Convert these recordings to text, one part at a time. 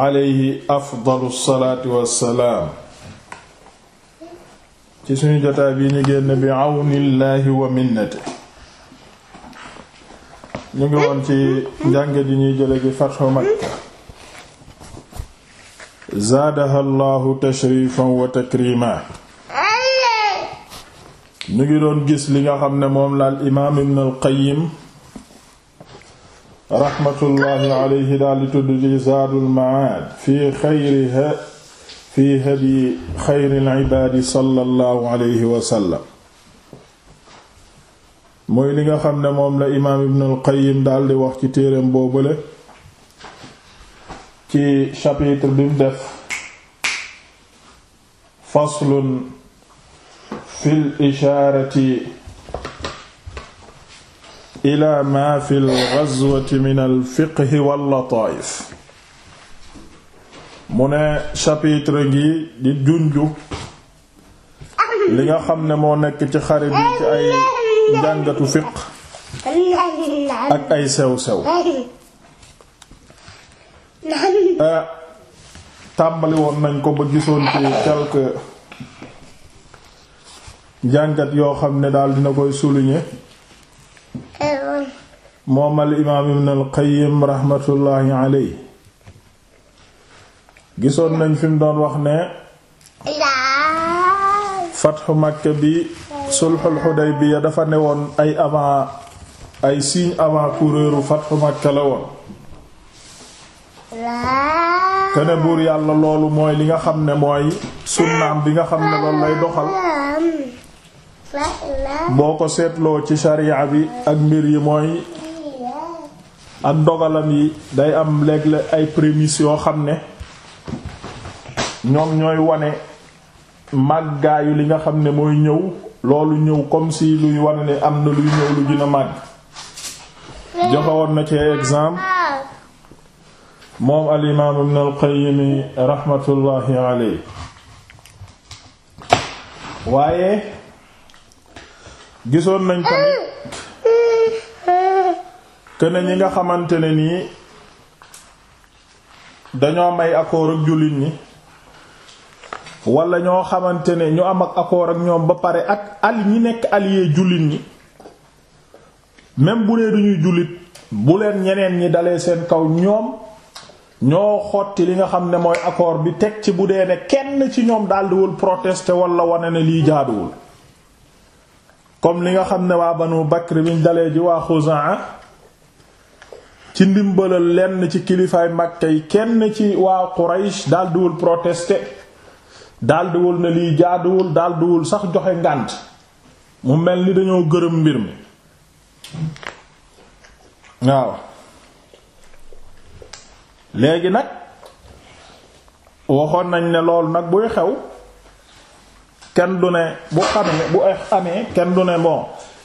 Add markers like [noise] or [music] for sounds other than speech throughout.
alayhi afdalu salaati wassalaam ci suñu jotaay bii ñu génn bi àwnillaahi wa minnate ñu ngi woon ci njànge ji ñuy jële gi fatxu makka zaadaha llahu tashrifan wa takrima ñu ngi doon gis li nga xam ne moom la imaam ibn al qayyim raxmatullahi alayhi daal di tudd ci zaadul maad fi xayri fi hadi xayril ibaadi sallallahu alayhi wa sallam mooy li nga xam ne moom la imaam ibnul qayyim daal di wax ci téereem boobule ci chapitre bi mu def faslun fil ishaarati ila ma fi al-ghazwati min al-fiqh wal-lataa'if mu ne chapitre gi di junju li nga xam ne moo nekk ci xare bi ci ay jàngatu fiq ak ay sew-sew eh, tàmbali woon nañ ko ba gisoon ci quelques jàngat yoo xam ne daal dina koy souligner moom al imaam ibn al qayyim raxmatullaahi aley gisoon nañ fi mu doon wax ne fatxu makka bi sulxul xudaybiya dafa ne woon ay avant ay signe avant coureuru fatxu makka la woon te ne buur yàlla loolu mooy li nga xam ne mooy sunnaam bi nga xam ne loolu lay doxal boo ko seetloo ci sharia bi ak mbir yi mooy ak dogalam yi day am léeg ay prémices yoo xam ne ñoom ñooy wane màggaayu li nga xam ne mooy ñëw loolu ñëw comme si luy wane ne am na luy ñëw lu gën màgg joxewoon na ci exemple moom al imaam ibn al qayyim waaye gisoon nañ tamit kene ñi nga xamante ne nii dañoo am ay accord ak jullit ñi wala ñoo xamante ne ñu am ak accord ak ñoom ba pare ak ali ñi nekk allié jullit ñi même bu dee duñuy jullit bu leen ñeneen ñi dalee seen kaw ñoom ñoo xotti li nga xam ne mooy accord bi teg ci bu dee ne kenn ci ñoom daldiwul protester wala wane ne lii jaaduwul comme li nga xam ne waa banu Bakr biñ dalee ji waa Xuzaa ci ndimbalal lenn ci kilifaay mag yi kenn ci waa Quraysh daldiwul protester daldiwul ne lii jaaduwul daldiwul sax joxe ngànt mu mel ni dañoo gërëm mbir mi waaw léegi nag waxoon nañ ne loolu nag buy xew kenn du ne bu xamee bu amee kenn du ne moo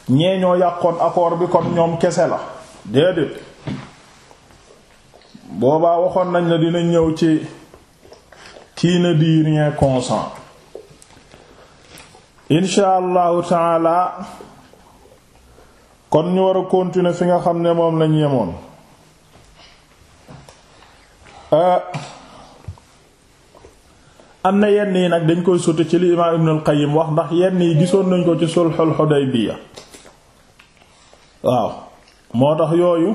ñee ñoo yàqoon accord bi kon ñoom kese la déedéet boobaa waxoon nañ la dina ñëw ci qui ne dit rien consent insha allahu kon ñu war continuer fi nga xam ne moom lañ yemoon. Euh, am na yenn yi nag dañ koy sotti ci li imaam Ibn al wax ndax yenn yi gisoon nañ ko ci sulhul Hudaybiya waaw moo tax yooyu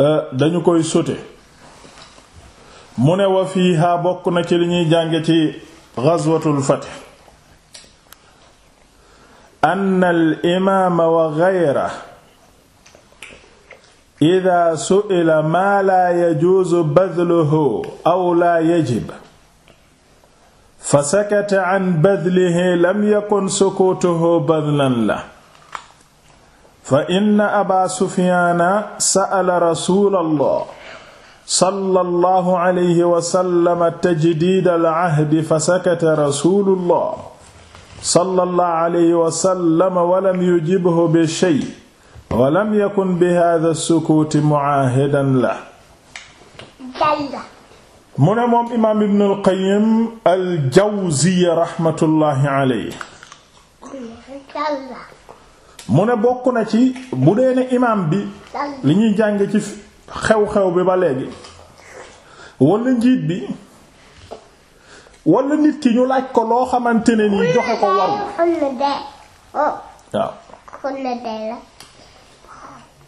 euh, dañu koy sotti mu ne wa fiiha bokk na ci li ñuy jànge ci ghazwatul fath anna al imaam wa ghayrahu ida su'ila maa laa yajuuzu badluhu aw laa yajib fa sakata an badlihi lam yakun sukuutuhu badlan la fa inna aba sufyaana sa'ala rasuulallah sallallahu alayhi wa sallam tajdiida al-ahdi fa sakata rasuulullah sallallahu alayhi wa sallam wa lam yujibhu bi shay walam bi hada la mu ne moom imaam bokk na ci bu dee bi li ñuy jàng ci bi ba léegi njiit bi wala nit ki ñu laaj ko loo xamante ne nii joxe ko waru oh. waaw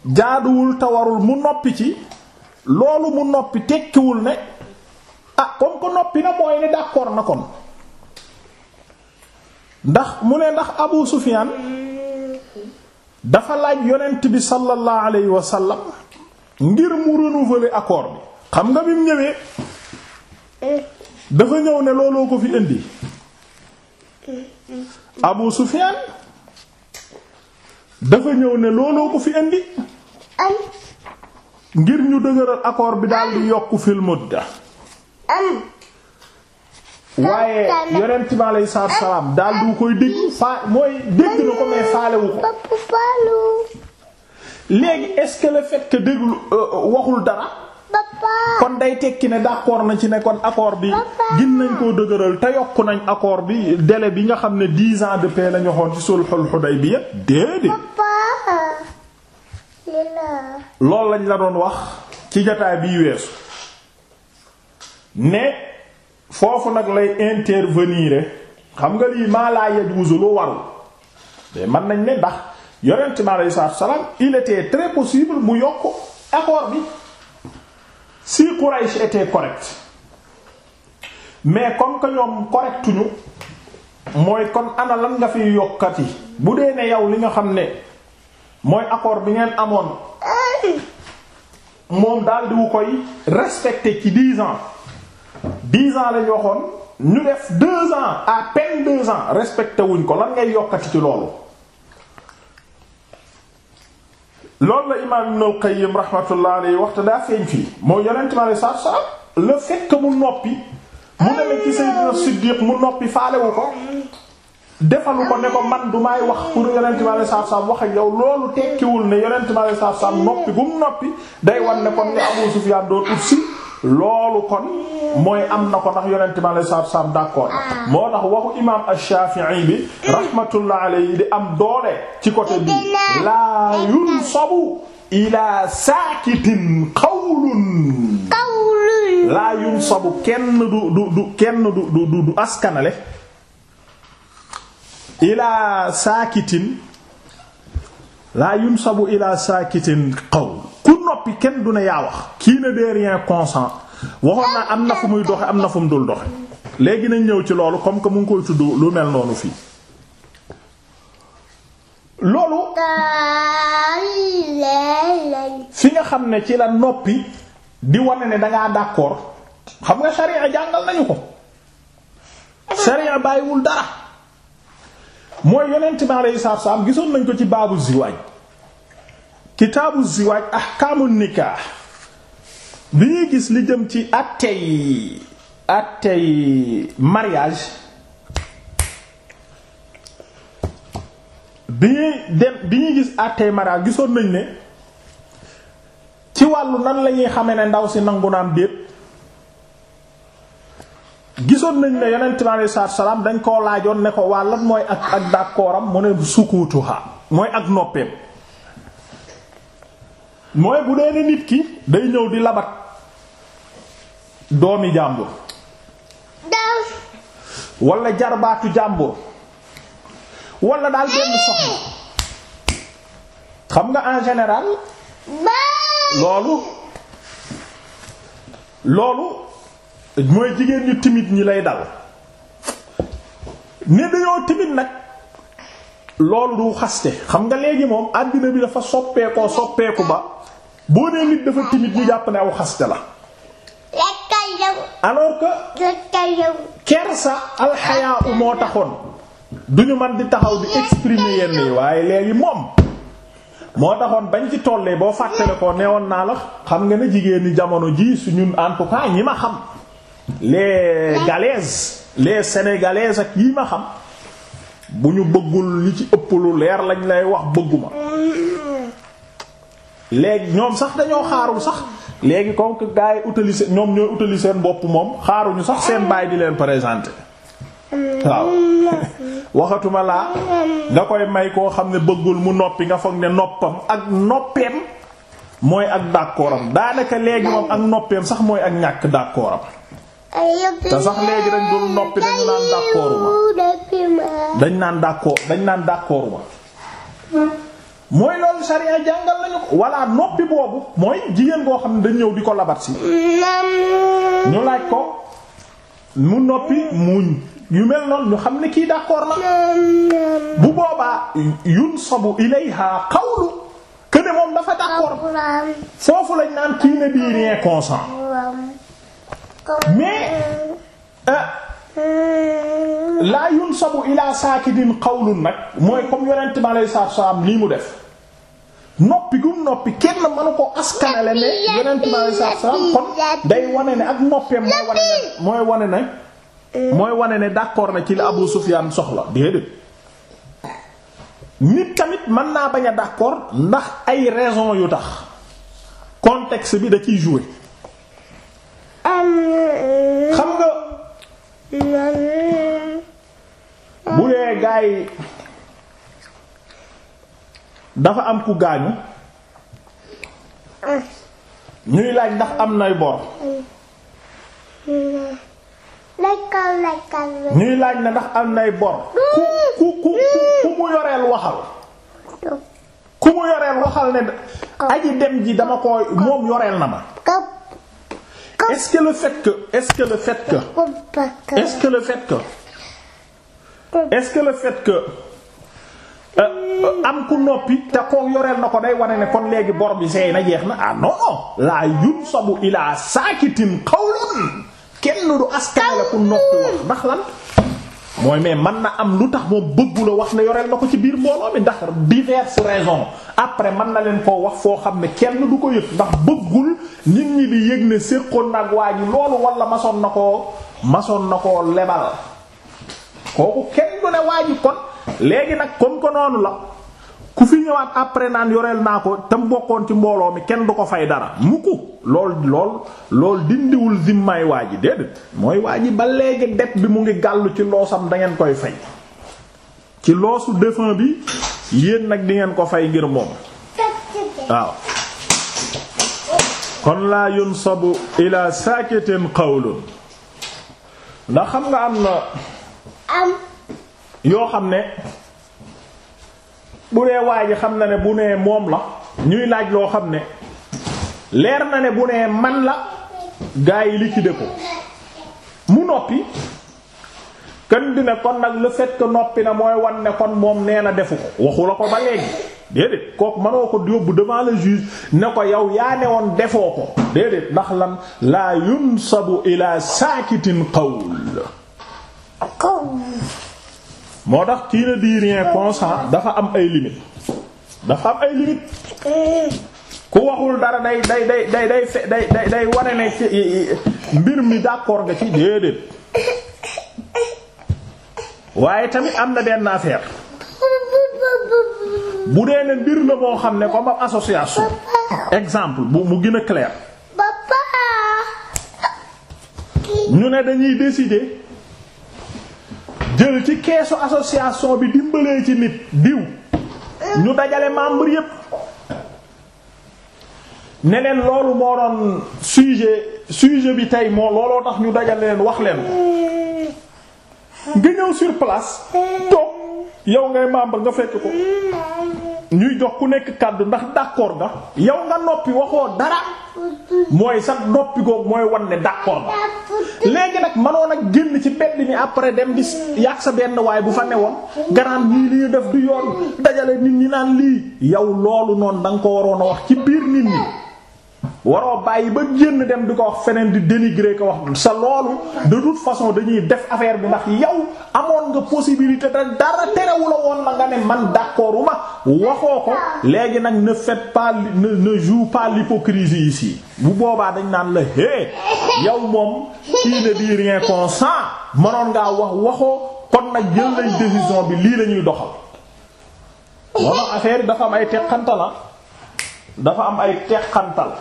jaaduwul tawarul mu noppi ci loolu mu noppi tekkiwul ne ah comme ko noppi na mooy ne d'accord na kon ndax mu ne ndax Abu Sufyan dafa laaj yonent bi sallallahu alayhi wa ngir mu renouveler accord bi xam nga bi mu ñëwee dafa ñëw ne looloo ko fi indi Abu Sufyan dafa ñëw ne looloo ko fi indi ngir ñu dëgëral accord bi daal di yokk fil mudda waaye yonent bi aleyhi salaatu salaam daal du koy dégg faa mooy dégg na ko mais faalewu ko léegi est-ce que le déglu euh, euh, waxul dara kon day tekki ne d'accord na ci nekkoon kon bi gin nañ koo dëgëral te yokk nañ accord bi dele bi nga xam ne dix ans de paix la ñu waxoon ci sulhul Hudaybiya déedéet loolu lañ la doon wax ci jataay biy weesu ne foofu nag lay intervenir xam nga lii maa laa yajuuzu lu warul mais mën nañ ne ndax yonent mi aleyhi salaatu salaam il était très possible mu yokk accord bi si Quraysh était correct mais comme que ñoom correctuñu mooy kon ana lan nga fiy yokkati bu dee ne yow li nga xam ne. mooy accord bi ngeen amoon moom daal di wu koy respecté ci dix ans dix ans lañ waxoon ñu def deux ans à peine deux ans respecté wuñ ko lan ngay yokkati ci loolu. loolu la imaam Ibn al-Qayyim rahmatullah alayhi waxta daa feeñ fii moo yonent ma ne saab saab le fait mu noppi mu demee ci Sayyidina Siddiq mu noppi faalewu ko. defalu ko nekko man du may wax pour yonent bi alayhi salaatu salaam wax ak yow loolu tekkiwul ne yonent bi alayhi salaatu noppi gum noppi day wan ne kon ne Abu Sufyaan doon ut loolu kon mooy am na ko ndax yonent bi alayhi salaatu salaam d'accord moo tax waxu imaam Ash-Shafi'i bi rahmatullah alayhi di am doole ci côté bi laa yunsabu ilaa saakitin qawlun laa yunsabu kenn du du du kenn du du ilaa saakitin laa yunsabu ilaa saakitin qawl ku noppi kenn du ne yaa wax kii ne de rien consent waxoon naa am na muy doxe am na fu mu dul doxe léegi nañ ñëw ci loolu comme que mu ngi koy tudd lu mel noonu fii loolu fi nga xam ne ci la noppi di wane ne dangaa d'accord xam nga sharia jàngal nañu ko sharia bàyyiwul dara mooy yonent bi alayhi salaatu salaam gisoon nañ ko ci baabu ziwaaj kitaabu ziwaaj ahkaamu nikaah bi ñuy gis li jëm ci attey attey mariage bi ñuy dem bi ñuy gis attey mariage gisoon nañ ni ci wàllu nan lañuy xame ne ndaw si nangu naam déet gisoon nañ ne yonent bi alayhi salaam dañ koo laajoon ne ko waa mooy ak ak d'accord am mu ne sukutuha mooy ak noppeem mooy bu dee ne nit ki day ñëw di labat doomi jàmbur wala jarbaatu jàmbur wala daal benn soxna xam nga en général loolu loolu mooy jigéen ñu timit ñi lay dal ne dañoo timide nag loolu du xaste xam nga léegi moom àddina bi dafa soppeekoo soppeeku ba boo nee nit dafa timit bu jàpp ne aw xaste la alors que sa alxayaa u moo taxoon duñu man di taxaw di exprimer yenn yi waaye léegi moom moo taxoon bañ ci tollee boo fàttale ko neewoon naa la xam nga ne jigéen ñi jamono ji su ñun en ñi ma xam les galaises les sénégalaises ak yi ma xam bu ñu bëggul li ci ëpp lu leer lañ lay wax bëgguma léegi ñoom sax dañoo xaarul sax léegi comme que gars yi utali seen ñoom ñooy utali seen bopp moom xaaruñu sax seen baay di leen présenter waaw [laughs] waxatuma laa nga koy may koo xam ne bëggul mu noppi nga foog ne noppam ak noppeem mooy ak d'accordam daanaka léegi moom ak noppeem sax mooy ak ñàkk d'accordam te sax léegi dañ dul noppi dañ naan d'accord ma dañ naan d'accord dañ naan d'accord ma mooy loolu sariya jàngal nañu ko walla noppi boobu mooy jigéen boo xam ne dañ ñëw di ko labat si ñu laaj ko mu noppi muñ yu mel noonu ñu xam ne kii d'accord na bu boobaa yunsabu ilayha qawlu que ne moom dafa d'accord foofu lañ naan kii ne rien consent mais euh, laa yunsabu ilaa saakidin qawlun nag mooy comme yonent bi alayhi salaatu salaam lii mu def noppi gum noppi kenn mënu ko askanale ne yonent bi alayhi salaatu day wane ne ak noppeem mooy wane ne mooy wane ne mooy wane ne na ci la Abu Sufyaan soxla déedéet nit tamit mën naa bañ a d'accord ndax ay raison yu tax contexte bi da ciy jouer xam nga bu dee gaa yi dafa am ku gaañu ñuy laaj ndax am nay bor ñuy laaj na ndax am nay bor ku ku ku ku mu yoreel waxal ku mu yoreel waxal ne oh. aji dem ji dama ko moom yoreel na ma est-ce que le fait que est-ce que le fait que euh, am ku noppi te ko yoreel na ko day wane ne kon léegi bor bi seey na jeex na ah non non laa yunsabu ilaa saakitin qawlun kenn du askan la ku noppi wax ndax lan. mooy mais man na am lu tax moom bëggu la wax ne yoreel na ko ci biir mbooloo mi ndax diverses raisons après man na leen koo wax foo xam ne kenn du ko yëg ndax bëggul nit ñi di yëg ne séqoon nag waa ji loolu wala masoon na ko masoon na koo lebal kooku kenn du ne waa kon léegi nag kon ko noonu la ku fi ñëwaat après naan yoreel naa ko te bokkoon ci mbooloo mi kenn du ko fay dara mukk lool lool lool dindiwul zimmaay waa ji déedéet mooy waa ji ba léegi det bi mu ngi gàllu ci loosam dangeen koy fay ci loosu défunt bi yéen nag di ngeen ko fay ngir moom waaw kon laa yunsabu ila sakitin qawlun ndax xam nga am na yoo xam ne bu dee waa ji xam na ne bu nee moom la ñuy laaj loo xam ne leer na ne bu nee man la gaa yi liquider ko mu noppi kenn dina kon nag la fait que noppi na mooy wan ne kon moom nee na defu ko waxu la ko ba léegi déedéet kooku mënoo ko yóbbu devant le juge ne ko yow yaa ne woon defoo ko déedéet ndax lan laa yunsabu ila saakitin qawl moo tax qui ne dit rien consent dafa am ay limites dafa am ay limites ku waxul dara day day day day day day day day wane ne mbir mi d'accord nga ci déedéet waaye tamit am na benn affaire bu dee ne mbir la boo xam ne comme ab association exemple bu mu gën a clair ne dañuy désidé jël ci keesu association bi dimbalee ci nit diw ñu dajale membre yépp ne leen loolu moo doon sujet sujet bi tey moo looloo tax ñu dajale leen wax leen ko nga ñëw sur place toog yow ngay membre nga fekk ko ñuy jox ku nekk kàddu ndax d'accord nga yow nga noppi waxoo dara mooy sax noppi googu mooy wan ne d'accord nga léegi nag manoon ak génn ci bedd mi après dem di yàq sa benn waay bu fa newoon garaan bii li ñu def du yoon dajale nit ñi naan lii yow loolu noonu da nga ko waroon a wax ci biir nit ñi waroo bàyyi ba génn dem di ko wax feneen di dénigrer ko wax sa loolu de toute façon dañuy def affaire bi ndax yow amoon nga possibilité te dara terewu la woon la nga ne man d'accordu ma waxoo ko léegi nag ne faites pas ne ne joue pas l'hypocrisie bu boobaa dañ naan la hé moom kii ne di rien consent wax waxoo kon nag jël nañ décision bi lii lañuy ñuy doxal wala affaire dafa am ay teqantal ah. dafa am ay teqantal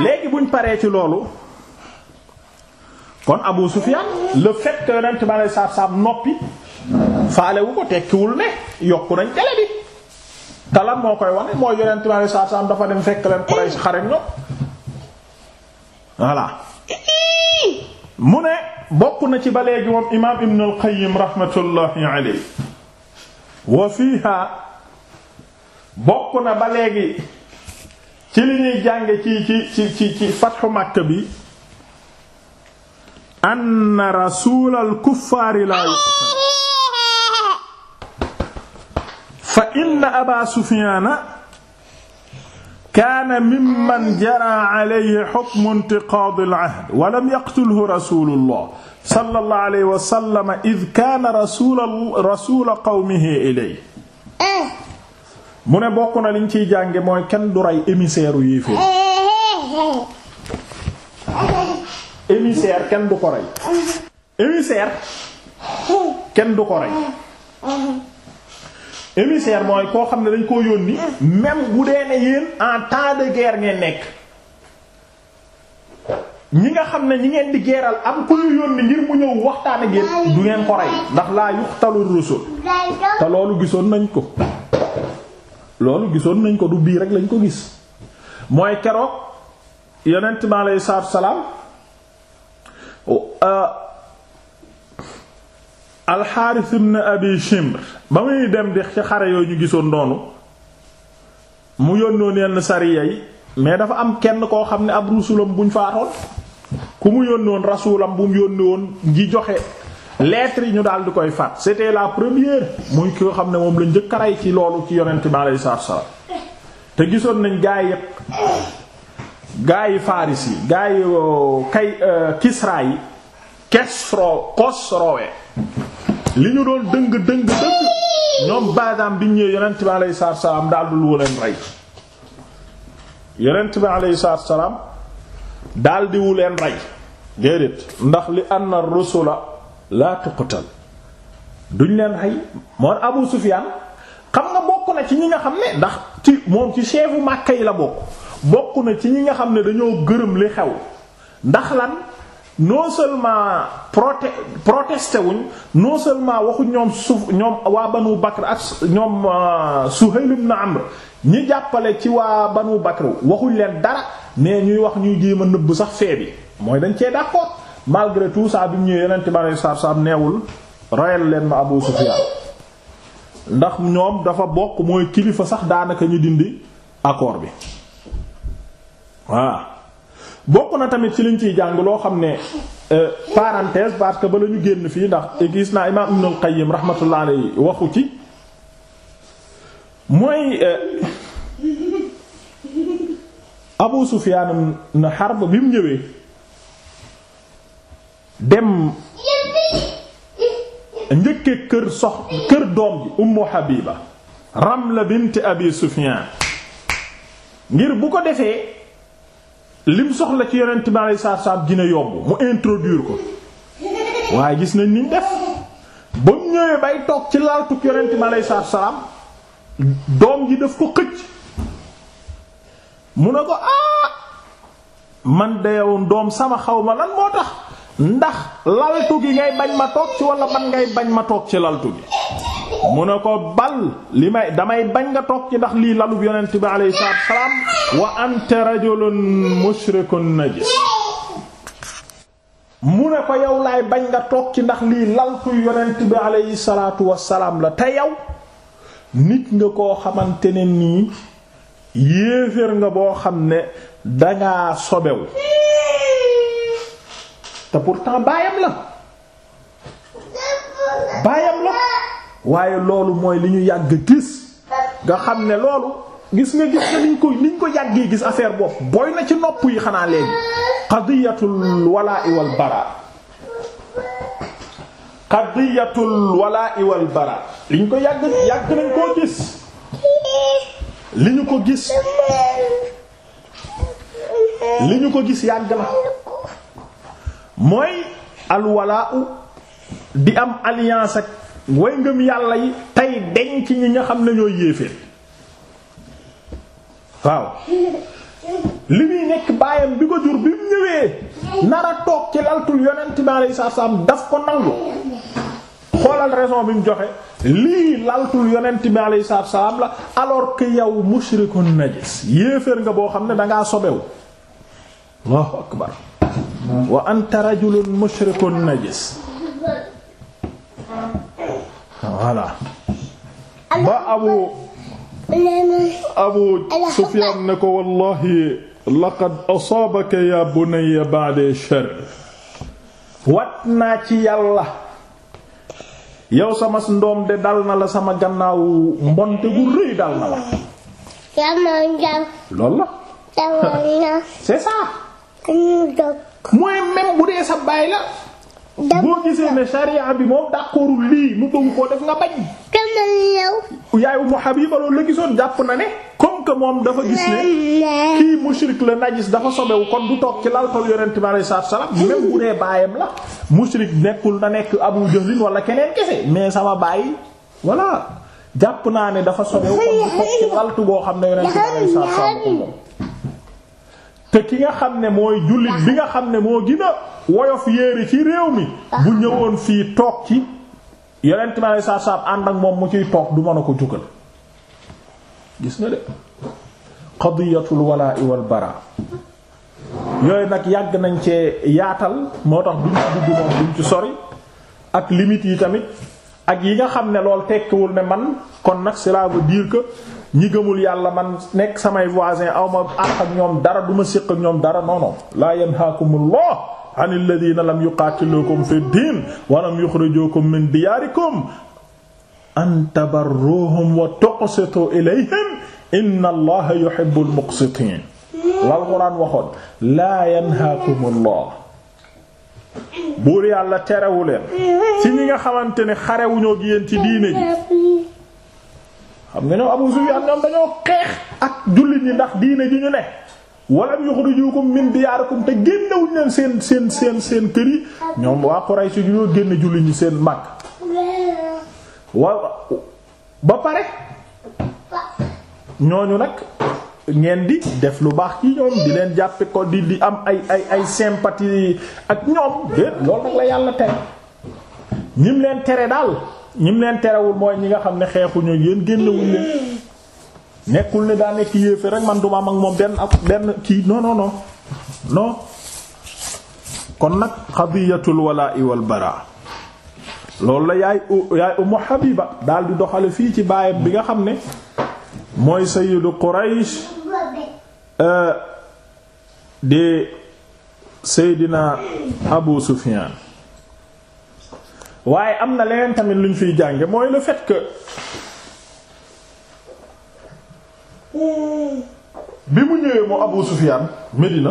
léegi buñ paree ci loolu kon Abu Sufyan le fait que yonent ma lay saab saab noppi faale wu ko tekkiwul ne yokku nañ tele bi te moo koy wane mooy yonent ma lay saab saab dafa dem fekk leen Quraysh xare ñoom voilà mu ne bokk na ci ba léegi moom imaam Ibn al-Qayyim rahmatullahi alayhi wa fiha bokk na ba léegi ci li ñuy jànge ci ci ci ci ci fatxu Makka bi anna rasuulal kuffaari laa yuqtal fa inna aba sufiaana kaana mimman jara alayhi xukmu intiqaadi al-ahd wa lam yaqtulhu rasuulullah sallallahu alayhi wa sallam id kaana rasuula rasuula qawmihi ilayhi mu ne bokk na liñ ciy jànge mooy kenn du rey émissaire u yéeféer émissaire kenn du ko rey émissaire kenn du ko rey émissaire mooy koo xam ne dañ koo yónni même bu dee ne yéen en temps de guerre ngeen nekk ñi nga xam ne ñi ngeen di geeral am ku ñu yónni ngir mu ñëw waxtaan ak yéen du ngeen ko rey ndax laa yuxtalu rusul te loolu gisoon nañ ko loolu gisoon nañ ko du bii rek lañ ko gis mooy keroog yonent bi aleyhi salaatu salaam euh, alxaaris ibn abi shimr ba muy dem di ci xare yooyu ñu gisoon noonu mu yónnoon yenn sariya yi mais dafa am kenn koo xam ne ab rusulam buñ faatoon ku mu yónnoon rasulam bu mu yónni woon ngi joxe lettre yi ñu daal di koy faat c'était la première muy koo xam ne moom la njëkk a rey ci loolu ci yonent bi alayhi salaatu salaam te gisoon nañ gaa yi gaa yi Faris yi gaa yi euh, kay euh, Kisra yi Kesro Kosrowe li ñu doon dëng dëng dëng ñoom baadaam bi ñëwee yonent bi alayhi salaatu salaam daal di lu leen rey yonent bi alayhi salaam daal di wu leen rey déedéet ndax li anna rusula laa tuqtal duñ leen rey moom Abu Sufyaan xam nga bokk na ci ñi nga xam ne ndax ci moom ci chefu Makka yi la bokk bokk na ci ñi nga xam ne dañoo gërëm li xew ndax lan non seulement prote protesté wuñ non seulement waxu ñoom suuf ñoom waa Banu Bakr ak ñoom euh, Suhayl ibn Amr ñi jàppale ci waa ban Banu Bakr waxuñ leen dara mais ñuy wax ñuy jéem a nëbb sax fee bi mooy dañ cee d'accord malgré tout ça bi mu ñëwee yeneen tubaab yi saabsaab neewul rayal leen ma Abu Sufyan ndax ñoom dafa bokk mooy kilifa sax daanaka ñu dindi accord bi waaw bokk na tamit ci lañ ciy jàng loo xam ne euh, parenthèse parce que ba la ñu génn fii ndax gis naa imaam Ibn al-Qayyim rahmatullah alayhi waxu ci mooy euh, Abu Sufyan na Harb bi mu ñëwee. dem njëkke kër sox kër doom ji ummu habiba ramla bint abi sufyan ngir bu ko defee lim soxla ci yonent bi aleyhi salaatu salaam dina yomb mu introduire ko waaye gis nañ niñ def ba mu ñëwee bay toog ci laaltuk yonent bi aleyhi salaatu salaam doom ji daf ko xëcc mu ne ko ah man de doom sama xaw ma lan moo tax ndax laltu gi ngay bañ ma toog ci wala ban ngay bañ ma toog ci laltu gi mu ne ko bal li may damay bañ nga toog ci ndax lii lalub yonent bi alayhi salaatu wasalaam wa anta rajulun mu ne ko yow laay bañ nga toog ci ndax lii laltu yonent bi alayhi salaatu wasalaam la te yow nit nga koo xamante ne nii yéeféer nga boo xam ne dangaa sobewu te pourtant baayam la baayam la waaye loolu mooy li ñu yàgg gis nga xam ne loolu gis nga gis nga niñ ko ko yàggee gis affaire boobu booy na ci nopp yi xanaa léegi qadiyatul walaa'i wal bara qadiyatul walaa'i wal bara liñ ko yàgg yàgg nañ koo gis li ñu ko gis li ñu ko gis yàgg na mooy alwalaau di am alliance ak way ngëm yàlla yi tey denc ñi nga xam ne ñoo yéeféer waaw li muy nekk baayam bi ko jur bi mu ñëwee nara toog ci laltul yonent bi alayhi salaam daf ko nangu xoolal raison bi mu joxe lii laltul yonent bi alayhi salaam la alors que yow mushrikun najis yéeféer nga boo xam ne dangaa sobewu allahu akbar wa anta rajulun mushrikun najis voilà ba abu abu sufyan ne ko wallahi laqad asaabaka ya bunayya ba'da wat naa ci yàlla yow sama ndoom de dal na la sama gannaaw mbonte gu rëy dal na la mooy même bu dee sa baay la. boo gisee ne sharia bi moom d'accord lii mu bëgg koo def nga bañ. yow. yaay Ummu Habiba la gisoon jàpp na ne. comme moom dafa gis ne kii mushrik la najis dafa sobewu kon du toog ci lal tool yonent bi alayhi salaam même bu dee baayam la mushrik nekkul na nekk Abu Jahl wala keneen kese mais sama baay voilà jàpp naa ne dafa sobewu kon du toog ci laltu boo xam ne yonent bi alayhi salaam te ki nga xam ne mooy jullit bi nga xam ne moo gën a woyof yéere ci réew mi bu ñëwoon fii toog ci yonent bi alei satu salaam ànd ak moom mu ciy toog du mën a ko jugal gis nga de qadiyatul walaa'i bara yooyu nag yàgg nañ cee yaatal moo tax duñ ci moom duñ ci sori ak limites yi tamit ak yi nga xam ne lool tekkiwul ne man kon nag cela veut dire ñi gëmul yàlla man nekk samay voisin aw ma àq ak ñoom dara du ma séq ak ñoom dara non non laa yanhaakumullah an alladina lam yuqaatilukum fi diin wa lam yuxrijukum min diyaarikum an buur yàlla terewu leen ci ñi nga xamante ne xarewuñoo gi yéen ci diine ji xam nga ñoom Abu Sufyaan dañoo xeex ak jullit ñi ndax diine ji ñu ne walam yukhrijukum min diyaarikum te génnewuñ leen seen seen seen seen kër yi ñoom waa Quraysh yi ñoo génne jullit ñi pare ñooñu nag ngeen di def lu baax ci ñoom di leen jàppe ko di di am ay ay ay sympathie ak ñoom loolu nag la yàlla tere ñim leen tere daal ñim leen terewul mooy ñi nga xam ne xeexuñu yéen génnewuñ leen nekkul ne daa nekk yéefé rek man duma am ak moom benn ak benn kii non non non non kon nag xadiyatul walaa'i wal baraa loolu la yaay yaay Ummu Habiba daal di doxale fii ci baayam bi nga xam ne mooy sayyidu Quraysh euh, di Seydina Abu Sufyaan waaye am na leneen tamit ñu fiy jànge mooy le fait que bi mu ñëwee moo Abu Sufyaan Medina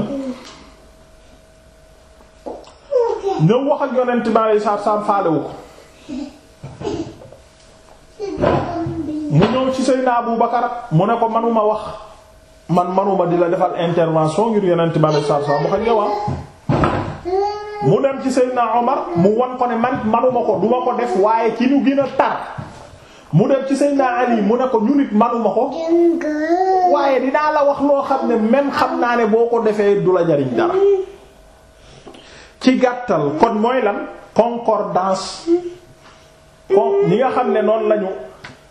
ñëw wax ak yonent bi aleyhi salaatu salaam faalewu ko mu ñëw ci Seydina Abu Bakar mu ne ko manuma wax man manuma di la defal intervention ngir yonent bi aleyhi salaatu salaam wax ak yow ah. mu dem ci Seydina Omar mu won ko ne man manuma ko duma ko def waaye ci ñu gën a tar mu dem ci Seydina Ali mu ne ko ñu nit manuma ko waaye dinaa la wax loo xam ne même xam naa ne boo ko defee du la jariñ dara ci gàttal kon mooy lan concordance kon ñi nga xam ne noonu lañu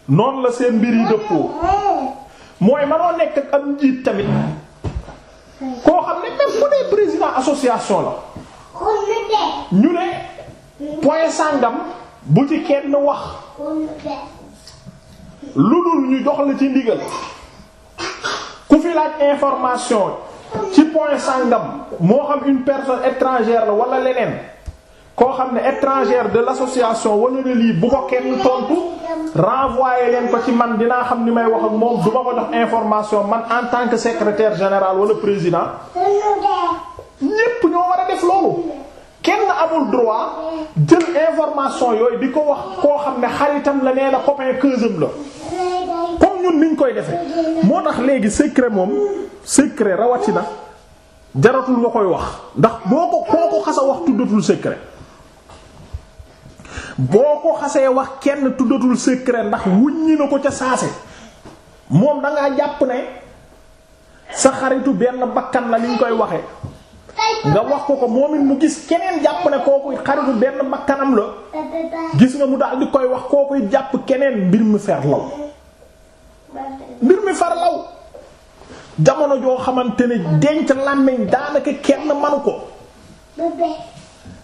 noonu la seen mbir yi dëppoo mooy manoo nekk ak am njiit tamit koo xam ne même bu dee président association la ñu ne point sàngam bu ci kenn wax lu dul ñu jox la ci ndigal ku fi laaj information ci point sàngam moo xam une personne étrangère la wala leneen koo xam ne étrangère de l'association wala ne lii bu ko kenn tontu renvoyer leen ko ci man dinaa xam ni may wax moom du ko jox information man en tant que secrétaire général wala président ñépp ñoo war a def loolu kenn amul droit jël information yooyu di ko wax koo xam ne xaritam la nee la copain keusam la comme ñun niñ koy defee moo tax léegi secret moom secret rawatina jaratul nga koy wax ndax boo ko koo ko wax tuddatul secret boo ko xasee wax kenn tuddatul secret ndax wuññi na ko ca saase moom dangaa jàpp ne sa xaritu benn bakkan la niñ koy waxe nga wax ko ko moom it mu gis keneen jàpp ne kooku xaritu benn bakkanam la gis nga mu daal di koy wax kooku jàpp keneen mbir mi ferlaw mbir mi ferlaw jamono joo xamante ne denc làmmiñ daanaka kenn manu ko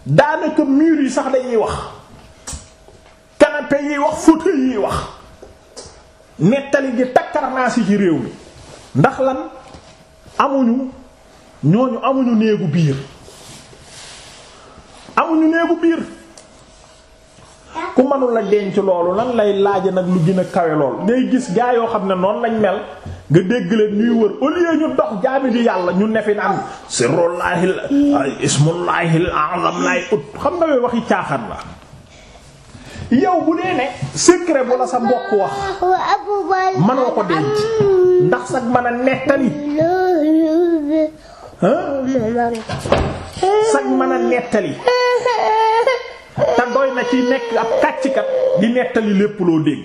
daanaka miir yi sax dañuy wax canapé yi wax fauteuil yi wax nettali gi takkarnaasi ci réew mi ndax lan amuñu ñooñu amuñu néegu biir amuñu néegu biir ku mënul la denc loolu lan lay laaja nag lu gën a kawe lool ngay gis gaa yoo xam ne noon lañ mel nga dégg leen ñuy wër au lieu ñu dox jaami di yàlla ñu nefi naan sirrullahi ismullahi al-a'zam lay ut xam nga yooyu waxi caaxaan la yow bu dee ne secret bu la sa mbokk wax mënoo ko denc ndax sax mën a nettali sag mën a nettali te doy na ci nekk ab kàccikat di nettali lépp loo dégg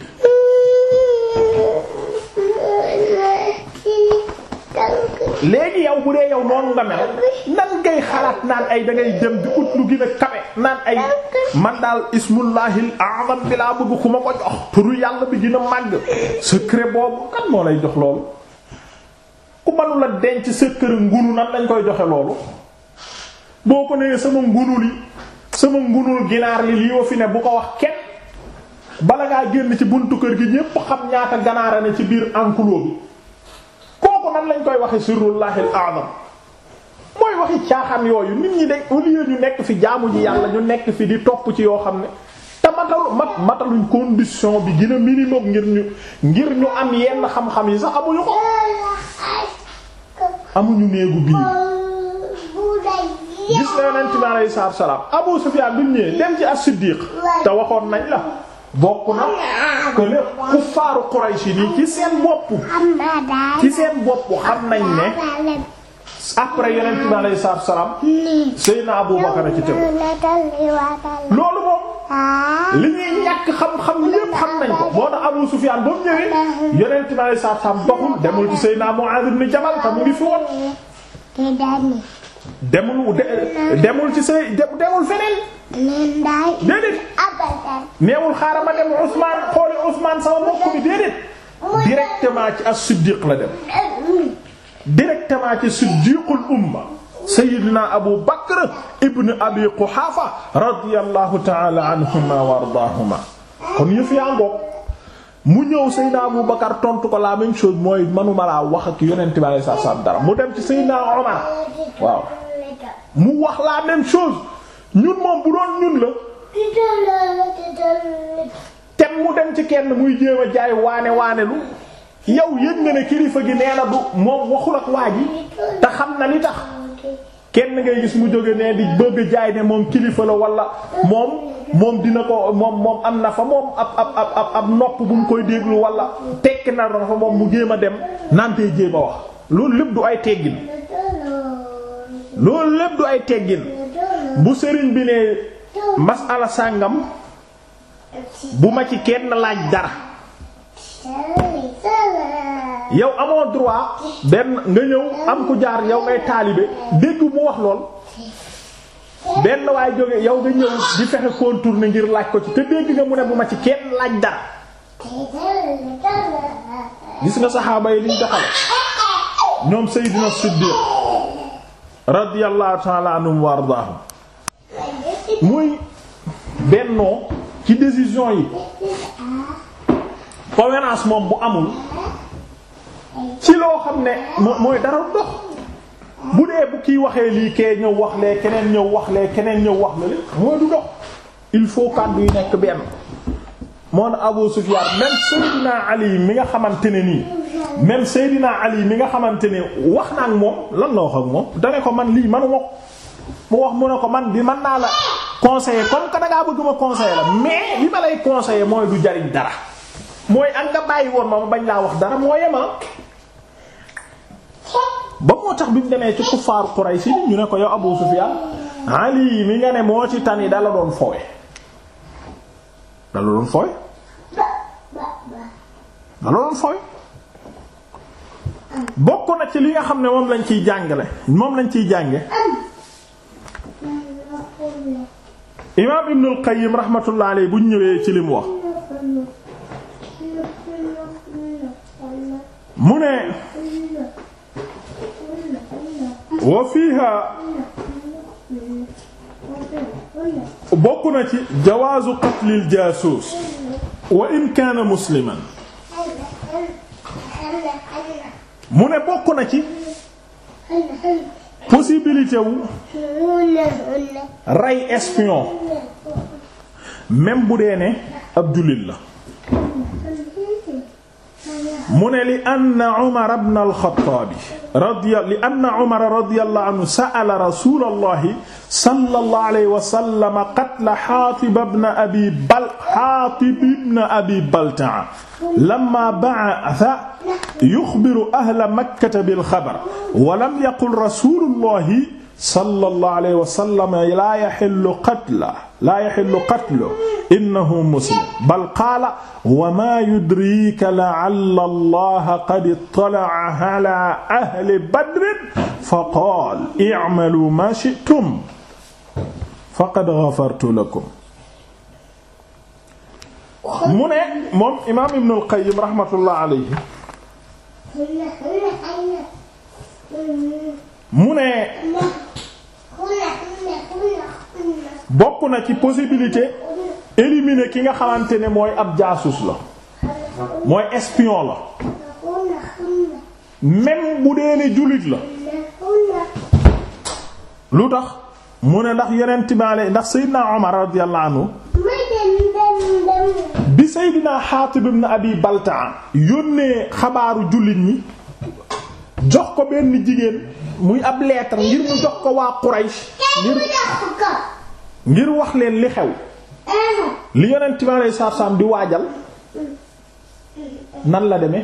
léegi yow bu dee yow noonu nga mel nan ngay xalaat naan ay da ngay dem di ut lu gën a kawe naan ay man daal ismullahil a'zam bi laa bëgg ku ma ko jox turu yàlla bi gën a màgg secret boobu kan moo lay jox loolu ku mënu la denc sa kër ngunu nan lañ koy joxe loolu boo ko nee sama ngunu li sama ngunul ginaar li lii fi ne bu ko wax kenn bala ngaa génn ci buntu kër gi ñépp xam ñaata ganaara ne ci biir enclos bi kooku nan lañ koy waxe sirrullahil a'zam mooy waxi caaxaan yooyu nit ñi de au lieu nekk fi jaamu ji yàlla ñu nekk fi di topp ci yoo xam ne te matalu mat mataluñ condition bi gën a minimum ngir ñu ngir ñu am yenn xam-xam yi sax amuñu ko amuñu néegu biir gis na yonent bi alayhi salaatu salaam Abu Sufyaan bi mu ñëwee dem ci as-Siddiq te waxoon nañ la bokk na que ne kuffaaru Quraysh nii ci seen bopp ci seen bopp xam nañ ne après yonent bi alayhi salaatu salaam Seydina Abu Bakar ci tegu loolu moom ah. li ñuy ñàkk xam-xam lépp xam nañ ko moo tax Abu Sufyaan ba mu ñëwee yonent bi alayhi salaam doxul demul ci Seydina Muaaz ibn Jabal te mu ngi fi woon demul demul ci say demul feneen. déedéet. neewul xaaral ma dem Ousmane xooli Ousmane sama mbokk bi déedéet directement ci as-Siddiq la dem. directement ci siddiqul umma sayyidina abu bakr ibn abi quhafa radiyallahu ta'ala anhuma wa ardaahuma kon yëf yaa ngoog mu ñëw sayyidina abu bakar tontu ko la même chose mooy manuma laa wax ak yonent bi alayhi salaam dara mu dem ci sayyidina umar waaw mu wax la même chose ñun moom bu doon ñun la tem mu dem ci kenn muy jéem a jaay waane waane yow yëg nga ne kilifa gi nee na du moom waxul ak waa ji te xam na li tax kenn ngay gis mu jóge ne di bëgg jaay ne moom kilifa la wala moom moom dina ko moom am na fa moom ab ab ab ab nopp bu mu koy déglu walla tekki na fa moom mu géem a dem nantee jéem a wax loolu lépp du ay teggin loolu lépp du ay teggin bu sëriñ bi ne masala sàngam bu ma ci kenn laaj dara yow amoo droit benn nga ñëw am ku jaar yow ngay taalibe dégg mu wax lool benn waay jóge yow nga ñëw di fexe contourner ngir laaj ko ci te dégg nga mu ne bu ma ci kenn laaj dara gis nga saxaaba yi liñ doxale ñoom Seydina Siddiq radiyallahu ta'ala anhum wa muy bennoo ci décision yi cohérence moom bu amul ci loo xam ne mooy dara dox bu dee bu kii waxee lii kee ñëw wax lee keneen ñëw wax lee keneen ñëw wax la li mooy du dox il faut kàddu yi nekk benn moon Abu Sufyan même Seydina Ali mi nga xamante ne nii même Seydina Ali mi nga xamante ne wax naa ak moom lan la wax ak moom dane ko man lii manuma ko mu wax mu ne ko man bi mën naa la conseiller comme ka dangaa bëgg ma conseiller la mais li ma lay conseiller mooy du jariñ dara mooy ak nga bàyyi woon ma ma bañ laa wax dara moo yema ah. ba moo tax bi mu demee ci kuffaaru Quraysh ñu ne ko yow Abu Sufyaan Ali mi nga ne moo ci tani dala doon foowe dala doon foowe dala doon foowe bokk na ci li nga xam ne moom lañ ciy jàngale moom lañ ciy jànge imaam Ibnul Qayyim rahmatullah alayhi bu ñëwee ci li wax mu ne wa fiiha bokk na ci jawaazu qatlil jaasuus wa in kaana musliman mu ne bokk na ci possibilité wu rey espion même bu dee ne ab jullit la mu ne li anna Umar ibn al-Khattab radiya li anna Umar radiyallahu anhu sa'ala rasulallahi sallallahu alayhi wa sallam qatla Hatib ibn Abi Bal Hatib ibn Abi Balta'a lamma ba'atha yukhbiru ahla Makkah bil khabar wa lam yaqul rasulullahi sallallahu alayhi wa sallam laa yaxillu qatla laa yaxillu qatlu innahu muslim bal qaala wa maa yudriika la'alla allaha qad ittala'a ala ahli badrin fa qaala i'maluu maa shi'tum faqad ghafartu lakum mu ne moom imaam Ibn al-Qayyim rahmatullahi alayhi mu ne bokk na ci possibilité éliminer ki nga xamante ne mooy ab jaasuus la mooy espion la même mu dee ne jullit la lu tax mu ne ndax yonent bi ale ndax Seydina Omar radiyallahu anhu bi Seydina Xaatib ibn Abi Baltaa yónnee xabaaru jullit ñi jox ko benn jigéen muy ab lettre ngir mu jox ko waa Quraysh ngir wax leen li xew li yonent bi alayhi di waajal nan la deme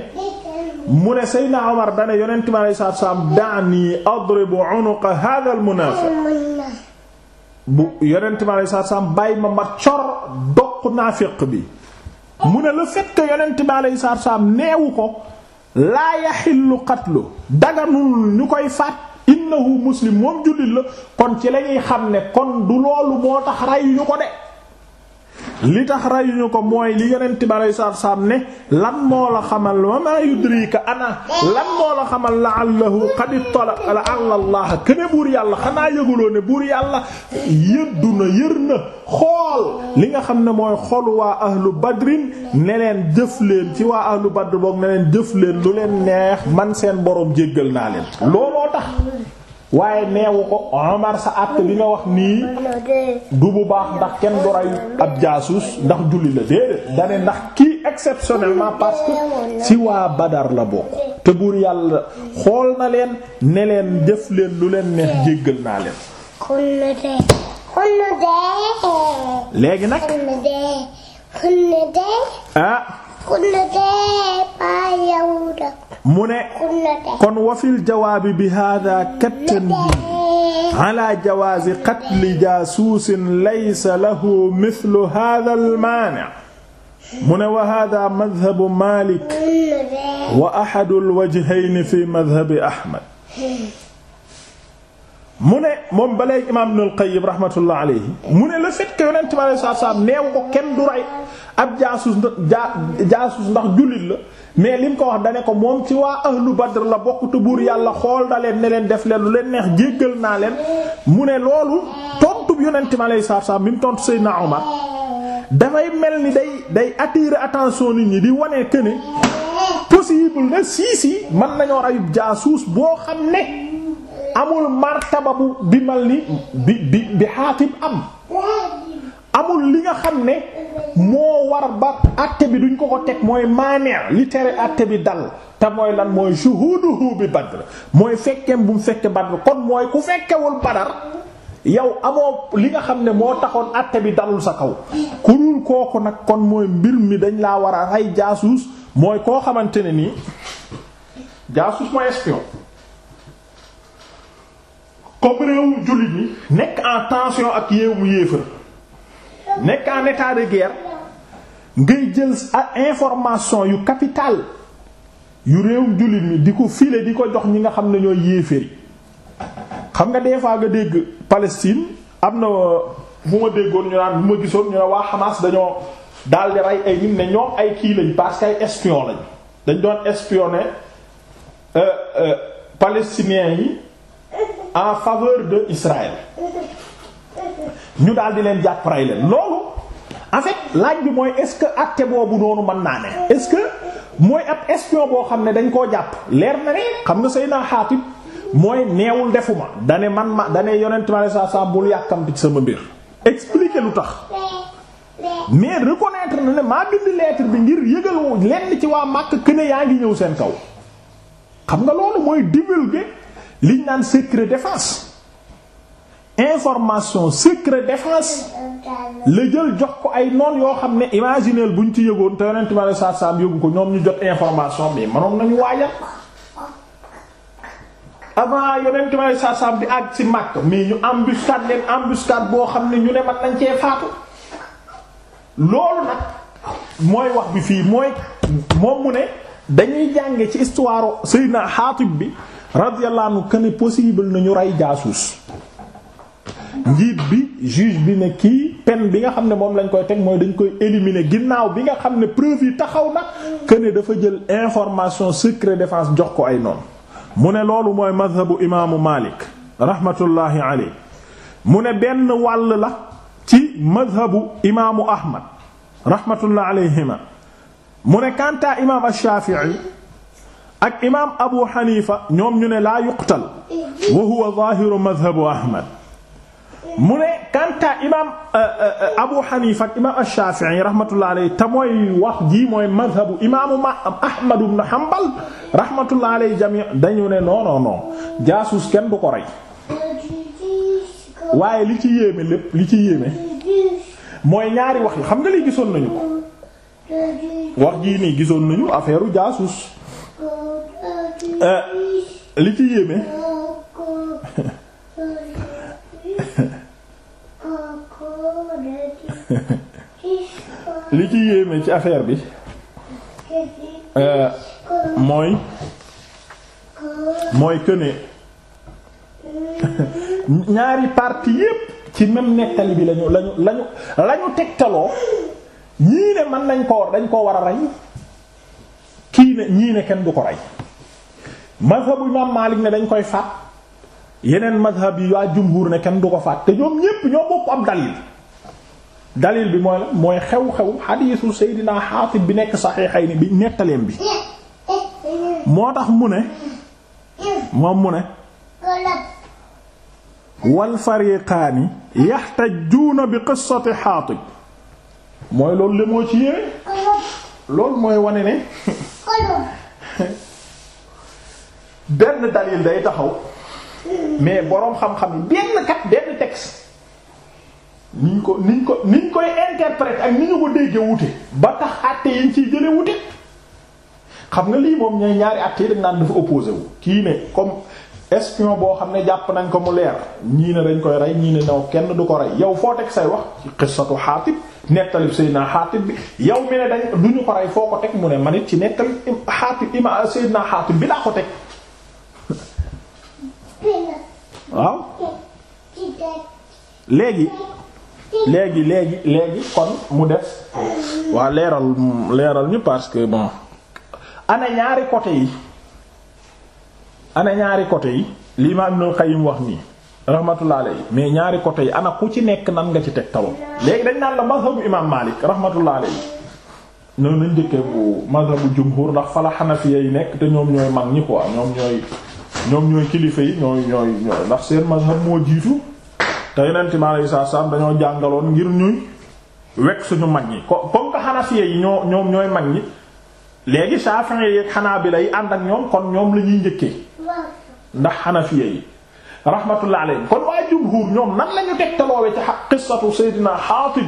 mu ne Seydina Omar dane yonent bi alayhi salaam da'ni adribu unuqa hadha al bu yonent bi alayhi salaam bàyyi ma ma doq naafiq bi mu ne la fait que yonent bi neewu ko laa yaxillu xatlu daganul ñu koy faat innahu muslim moom jullit la kon ci lañuy xam ne kon du loolu moo tax rey ñu ko de li tax rayuñu ko mooy li yonent bi aleyhi salaatu ne lan moo la xamal wa maa yudrika ana lan la xamal la'allahu qad ittala ala allah kene buur yàlla xanaa yëguloo ne buur yàlla yëddu na yër na xool li nga xam ne mooy xolu waa ahlu badrin ne leen jëf leen ci waa ahlu badr boog ne leen jëf leen lu leen neex man seen boroom jéggal naa leen looloo tax waaye neewu ko Omar sa àtt bi nga wax nii du bu baax ndax kenn du rey ab jaasuus ndax julli la déedéet dane ndax kii exceptionnellement parce que ci waa Badar la bokk te buur yàlla xool na leen ne leen def leen lu leen neex jéggal naa leen léegi nag ah. mu ne kon wafil jawaabi bi hada kattan bi ala jawaazi qatli jaasuusin laysa lahu mithlu hada almaani mu ne wa hada madhabu Malik wa ahadu alwajhayni fi madhabi Ahmad mu ne moom ba léegi imaam Ibnul Qayyim rahmatullah alayhi mu ne le fait que yonent bi sallallahu alayhi wa sallam neewu ko kenn du rey ab jaasuus ndax jaasuus ndax jullit la mais lim ko wax dana ko moom ci waa ahlu badr la bokk buur yàlla xool da leen ne leen def leen lu leen neex jéggal naa leen mu ne loolu tontub yonente mi aleyi saatu salaam bi mu tontu Seydina Omar dafay mel ni day day attirer attention nit ñi di wane que ne possible na sii si mën nañoo rayub jaasuus boo xam ne amul martaba bu bi ni bi bi bi xaatib am amul li nga xam ne moo war ba àtte bi duñ ko ko teg mooy maaneer li tere àtte bi dal te mooy lan mooy shuhuduhu bi Badr mooy fekkeem bu mu fekke Badr kon mooy ku fekkewul Badar yow amoo li nga xam ne moo taxoon àtte bi dalul sa kaw kurul kooku nag kon mooy mbir mi dañ laa war a ay jaasuus mooy koo xamante ne nii jaasuus mooy espion comme réewu jullit ñi nekk en tension ak yéewu yéefar nekk en état de guerre ngay jël information yu capital yu réew jullit mi di ko filer di ko jox ñi nga xam ne ñooy yéeféri xam nga des fois nga dégg Palestine am na bu ma déggoon ñu naan bu ma gisoon ñu ne waa Hamas dañoo daal di rey ay nit ne ñoom ay kii lañ parce ay espion lañ dañ doon espionner euh, euh, palestiniens yi en faveur de Israël ñu daal di leen jàpp rey leen loolu en laaj bi mooy est-ce que acte boobu noonu man naa ne est-ce que mooy ab espion boo xam ne dañ koo jàpp leer na ne xam nga say naa Xaatib mooy neewul defuma dane man ma dane yonent ma sa sa bul yàkkamti ci sama mbir expliquer lu tax mais reconnaître na ne maa bind lettre bi ngir yëgal lenn ci waa màkk këne yaa ngi ñëw seen kaw xam nga loolu mooy divulguer liñ naan secret défense information secret défense la jël jox ko ay noon yoo xam ne imagineel bu ñu ci yëgoon te yonent ma saa saam ko ñoom ñu jot information bi manoon nañu waajal avant yonent ma saa saam bi ak ci Makka mii ñu embuscade leen embuscade boo xam ne ñu ne man nañ cee faatu loolu nag mooy wax bi fii mooy moom mu ne dañuy jànge ci histoire Seydina Xaatib bi radiyallahu anhu que ne possible nañu rey jaasuus njiit bi juge bi ne kii peine bi nga xam ne moom lañ koy teg mooy dañ koy éliminer ginnaaw bi nga xam ne preuve yi taxaw na que ne dafa jël information secret défense jox ko ay noonu. mu ne loolu mooy mazhabu imaamu Malik rahmatullahi alayhi mu ne benn wàll la ci mazhabu imaamu Ahmad mu ne Kanta imaam Ash-Shafi'i ak imaam Abu Hanifa ñoom ñu ne laa yuqtal wa huwa zaahiru mazhabu Ahmad. mu ne kanta imaam euh, euh, Abu Hanifa ak imaam Ash-Shafi'i rahmatullah te mooy wax ji mooy madhabu imaamu ma Ahmad ibn Hanbal rahmatullah alayhi dañu ne non jaasuus kenn du ko rey waaye li ci yéeme lépp li ci yéeme mooy ñaari wax yu xam nga lii gisoon nañu ko wax jii nii gisoon nañu affaire jaasuus euh, li ci yéeme. [laughs] [laughs] li ci yéeme ci affaire bi euh, mooy mooy que [laughs] ñaari parti yépp ci même nettali bi lañu lañu lañu lañu tegtaloo ñii ne mën nañ ko dañ ko war a rey kii ne ñii ne kenn du ko rey mazhabu imam Malik ne dañ koy faat yeneen mazhab yi waa jumhur ne kenn du ko faat te ñoom ñépp ñoo bokk am dalil dalil bi mooy la mooy xew-xew xadiisu Seydina Xaatib bi nekk Saxiixayni bi nettaleem bi moo tax mu ne moom mu ne wal fariqaani yaxtajuuna bi qissati Xaatib mooy loolu le moo ci yéeme loolu mooy wane ne [laughs] benn dalil day taxaw mais boroom xam-xam benn kat benn texte niñ ko niñ ko niñ koy interpréter ak ni ñu ko déggee wute ba tax àtte yiñ ciy jële wute xam nga lii moom ñooy ñaari àtte yi dañ naan dafa opposé wu kii ne comme espion boo xam ne jàpp nañ ko mu leer ñii ne dañ koy rey ñii ne naw kenn du ko rey yow foo teg say wax ci xissatu xaatib nettalib Seydina xaatib bi yow mi ne dañ du ñu ko rey foo ko teg mu ne man it ci nettal xaatib ima Seydina xaatib bi laa ko teg waaw léegi léegi léegi léegi kon mu des waa leeral leeral ñu parce que bon ana ñaari côté yi ana ñaari côté yi li Imaam Ibnul Qayyim wax nii rahmatullah alayhi mais ñaari côté yi ana ku ci nekk nan nga ci teg tawam léegi dañ naan la mazhabu Imaam Maalik rahmatullah alayhi noonu lañ njëkkee bu mazhabu jumhur ndax fala Hanafiya yi nekk te ñoom ñooy mag ñi quoi ñoom ñooy ñoom ñooy kilifa yi ñooy ñooy ndax seen mazhab moo jiitu te yonent mi alayhi salaatu salaam dañoo jàngaloon ngir ñuy wekk suñu mag ñi ko comme que yi ñoo ñoom ñooy mag ñi léegi Shafi'i xanaa bi lay ànd ak ñoom kon ñoom la ñuy njëkkee ndax Hanafiya yi rahmatullah alayhim kon waa jumhuur ñoom nan la ñu tegtaloowe ci qissatu Seydina Haatib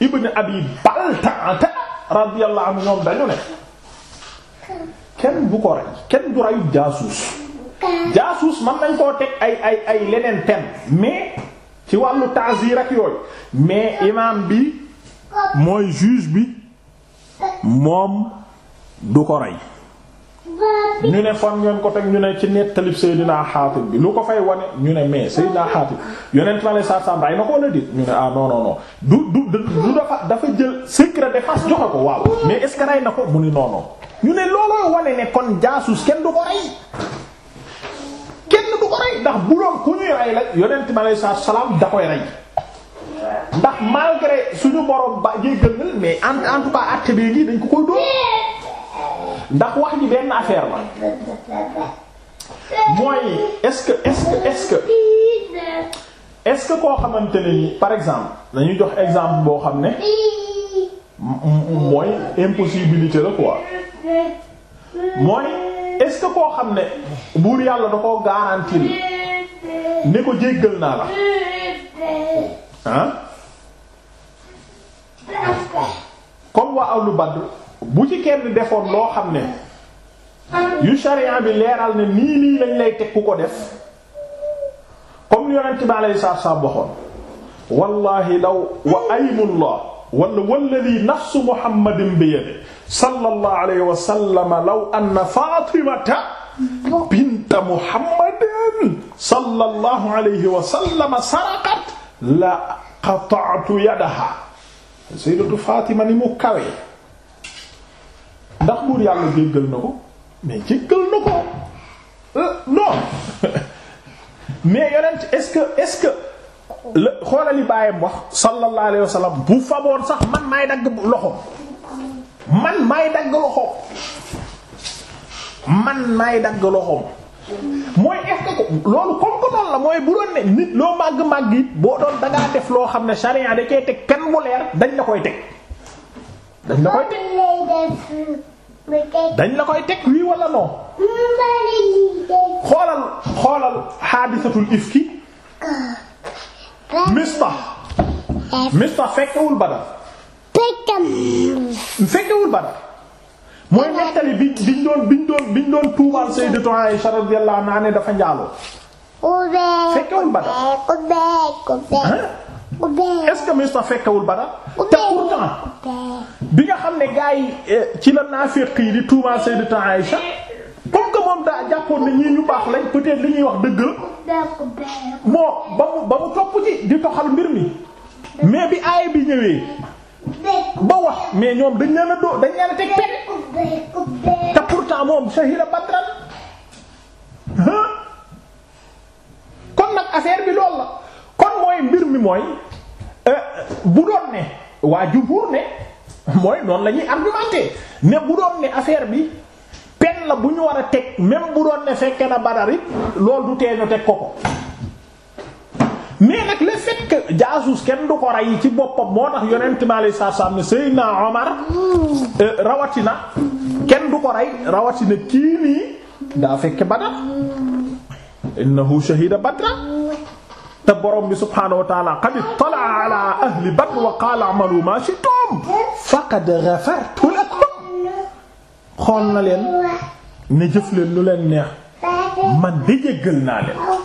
ibn Abi Balta'a radiyallahu anhu ñoom dañu ne kenn bu ko rey kenn du rey jaasuus jaasuus man nañ koo teg ay ay ay leneen tem mais ci wàllu ta'zir ak yooyu mais imam bi mooy juge bi moom du ko rey ñu ne fan ngeen ko teg ñu ne ci nettalib Seydina Xaatib bi lu ko fay wane ñu ne mais Seydina Xaatib yonent ma ne sarsam ray na ko wala déet ñu ne ah non non du du du dafa dafa jël secret défense joxe ko waaw mais est-ce que rey na ko mu ni non ñu ne looloo wane ne kon jaasuus kenn du ko rey kenn du ko rey ndax bu doon ku ñuy rey la yonent mi aleyhi salaam da koy rey ndax malgré suñu borom ba jéggal na mais en en tout cas dañ ko koy dóor ndax wax ji benn affaire la mooy est-ce que est-ce koo xamante ne ni par exemple dañuy jox exemple boo xam ne mooy impossibilité la quoi. mooy est koo xam ne buur yàlla da koo garantir ne ko jéggal naa la ah comme waa ahlu Badr bu ci kenn defoon loo xam ne yu sharia bi leeral ne nii nii lañ lay teg ku ko def comme ni yonent bi alayhi salaam waxoon wallahi law wa aymullah wala walladi nafsu muhammadin bi yadihi sallallahu alayhi wa sallam law anna Faatimata binta Muhammadin sallallahu alayhi wa sallam saraqat la qata'tu yadaha sayyidatu Faatima ni mu kawe ndax buur yàlla jéggal na ko mais jéggal na ko euh, non [laughs] mais yonent est-ce que est-ce que xoolali bàyyam wax sallallahu alayhi wa sallam bu faboon sax man maay dagg loxo man maay dagg loxoom man maay dagg loxoom mooy est-ce que ko loolu comme que noonu la mooy bu doon ne nit loo màgg màgg it boo doon dangaa def loo xam ne sharia da cee teg kenn mu leer dañ la koy teg dañ la koy teg dañ la koy teg wii walla non xoolal xoolal xaadisatul ifki mista mista fekkewul badal fekkewul Badar mooy mettali bi biñ doon biñ doon biñ doon tuumaal Sayyidatu Aisha radiyallahu anha ne dafa njaaloo fekkewul Badar est-ce que mista fekkewul Badar te pourtant bi nga xam ne gaa yi eh, ci la naafiq yi di tuumaal Sayyidatu Aisha comme que moom daa jàppoon ne ñii ñu baax lañ peut li ñuy wax dëgg la moo ba mu ba mu topp ci di toxal mbir mi mais bi aaya bi ñëwee ba wax mais ñoom dañ leen a doo dañ leen a teg pet te pourtant moom shahida badran kon nag affaire bi lool la kon mooy mbir mi mooy euh, bu doon ne waa jumhur ne mooy noonu la ñuy argumenté ne bu doon ne affaire bi pen na bu ñu war a teg même bu doon ne fekke na badar it loolu du tee teg ko ko mais nag le fait jaasuus kenn du ko rey ci bopp moo tax yonent ma lay saa saa ne euh, rawatina kenn du ko rey rawatina kii nii daa fekke Badar innahu shahida Badra te borom bi subhaanahu wa taala qad ittala'a ahli Badr wa qaala a'malu ma shi'tum faqad ghafartu lakum xool na leen ne jëf leen lu leen neex man de jéggal naa leen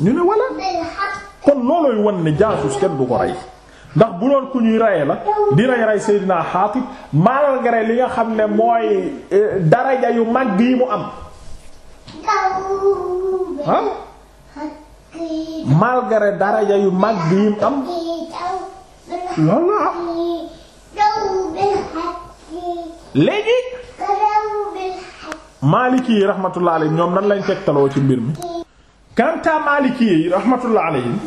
ñu ne wala kon loolooy wan ne jaasuus kenn du ko rey ndax bu doon ku ñuy reye la di rey rey Seydina Xaatib li nga xam ne mooy eh, daraja yu mag yi mu yu mag yi mu am loolu la léegi Maliki yi rahmatullah ñoom nan lañ tegtaloo ci mbir mi kanta Maliki yi rahmatullah alayhim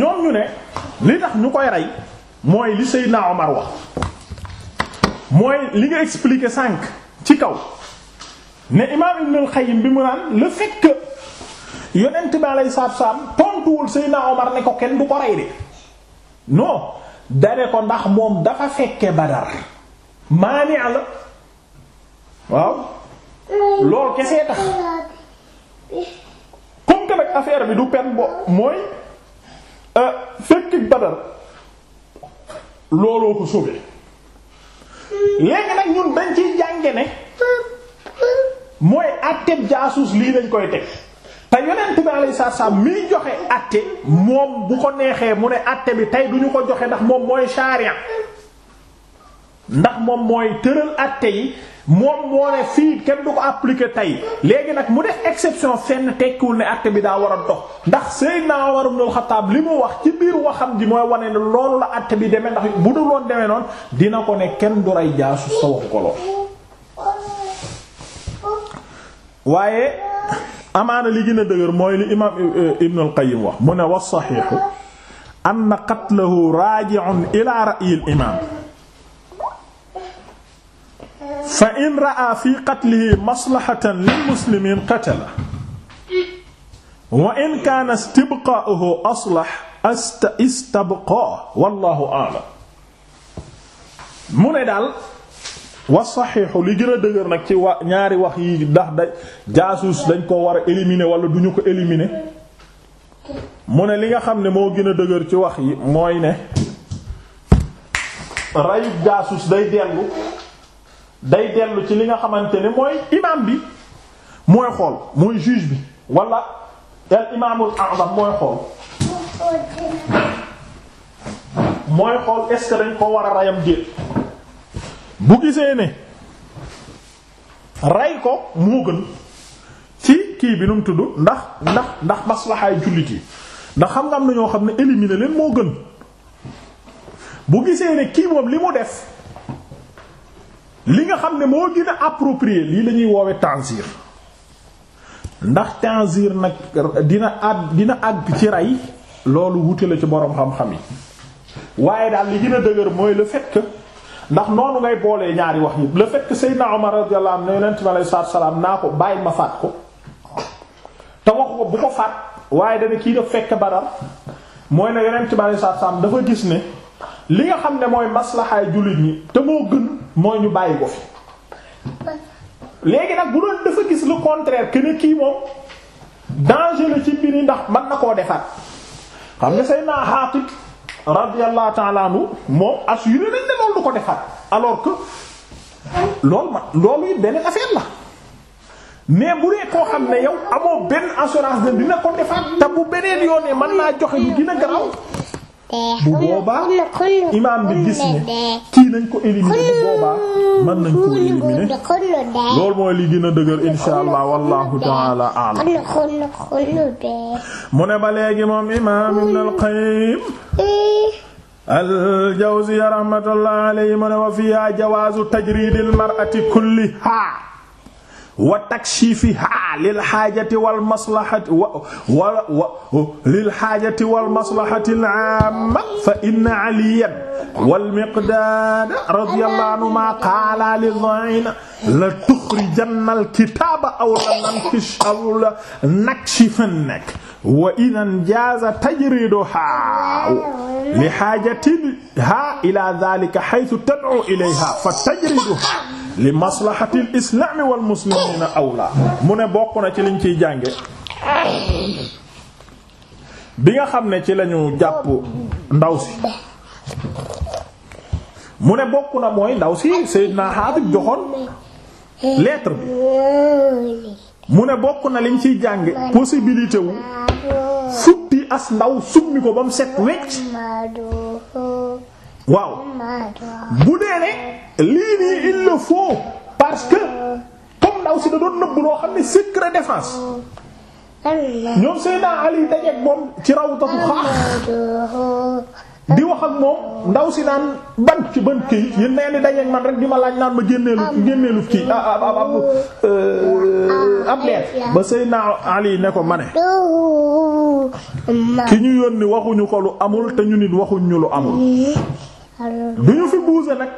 ñoom ñu ne li tax ñu koy rey mooy li Seydina Omar wax mooy li nga expliquer cinq ci kaw ne imaam Ibn al-Qayyim bi mu naan le fait yonent bi alayhi salaatu salaam tontuwul Seydina Omar ne ko kenn du ko rey de non dare ko ndax moom dafa fekke Badar maani la waaw loolu kese tax. comme que nag affaire bi du pen bo mooy euh, fekk Badar looloo ko sauvé léegi nag ñun dañ ciy jànge ne mooy àtte jaasuus lii lañ koy teg te yonent bi alayhi salaam miy joxe àtte moom bu ko neexee mu ne àtte bi tey duñu ko joxe ndax moom mooy charia ndax moom mooy tëral àtte yi moom moo ne fii kenn du ko appliquer tey léegi nag mu def exception fenn tekkiwul ne acte bi daa war a dox ndax Seydina Umar ibn al-Khattab li mu wax ci biir waxam ji mooy wane ne lool la acte bi demee ndax bu dul woon demee noon dina ko ne kenn du rey jaasu sa waxu ko lool waaye amaana li gën a dëgër mooy li imaam eh, Ibn al wax mu ne wa saxiixu anna qatlahu raaji'un ilaa ra'yil imaam fa in raa fi qatlihi maslahatan lil muslimin qatala wa in kaana istibqaa'uhu aslah istabqaa wallahu a'lam mu ne daal wa saxiixu li gën dëgër nag ci wa ñaari wax yi ndax da jaasuus dañ ko war a éliminer wala du ko éliminer mu ne li nga xam ne moo gën dëgër ci wax yi mooy ne reyu jaasuus day dellu day dellu ci li nga xamante ne mooy imam bi mooy xool mooy juge bi walla al imaamul a'zam mooy xool mooy xool est ko war a rayam déet bu gisee ne ray ko moo gën ci kii bi nu mu tudd ndax ndax ndax maslahaay jullit yi ndax xam nga am na ñoo xam ne éliminer leen moo gën bu gisee ne kii moom li mu def li nga xam ne moo gën a approprié lii lañuy ñuy woowe tanzir ndax tanzir nag dina àgg dina àgg ci rey loolu wute la ci boroom xam-xam yi waaye daal li gën a dëgër mooy la fekk que ndax noonu ngay boolee ñaari wax yi le fait que Seydina Omar radiyallahu anhu ne yonent bi alayhi salaatu salaam naa ko bàyyi ma faat ko te waxu ko bu ko faat waaye dana kii def fekk Badar mooy ne yonent bi alayhi salaam dafa gis ne li nga xam ne mooy maslahaay jullit ñi te moo gën mooy ñu bàyyi ko fi léegi nag bu doon dafa gis le contraire que ne kii moom danger la ci mbiri ndax mën na koo defar xam nga Seydina Haatib radiyallahu ta'ala anhu moom assuré nañ ne loolu du ko defar alors que loolu ma loolu it beneen affaire la mais bu dee koo xam ne yow amoo benn assurance ne dina ko defaat te bu beneen yoon ne mën naa joxe lu dina garaaw bu boobaa imaam bi gis kii nañ ko éliminer bu boobaa mën nañ ko éliminer loolu mooy li gën a dëgër insha allah taala alam mu ne ba léegi moom imaam ibn al-Qayyim al rahmatullah alayhi mu ne wa fiha jawaazu tajriidil mar'ati kulliha wa takshifiha lil xaajati wal maslahati wa wa wa lil xaajati wal maslahati al aamma fa inna aliyan wal miqdaada radiyallahu anhumaa qaala li da'iina la tuxrijanna al kitaaba aw la nakshifannaka wa idan jaaza tajriiduhaa li xaajatihaa ilaa zaalika haysu tad'uu ilayhaa fa tajriiduhaa li maslahatil islami wal muslimina awla mu ne bokk na ci liñ ciy jànge bi nga xam ne ci lañu jàpp ndaw si mu ne bokk na mooy ndaw si Seydina Haatib joxoon lettre bi mu ne bokk na liñ ciy jànge possibilité wu futti as ndaw summi ko ba mu set wecc waaw bu dee ne lii nii il le faut parce que comme ndaw si da doon nëbb loo xam ne secret défense ñoom Seydina Ali dajeek moom ci rawtatu xaax di wax moom ndaw si naan ban ci ban kii yéen nee ni dajeek man rek di ma laaj naan ma génneelu génneelu kii ab ab euh, ab ab leer ba Seydina Ali ne ko ma ne ki ñu yónni waxuñu ko lu amul te ñu nit waxuñu ñu lu amul du ñu fi buuse nag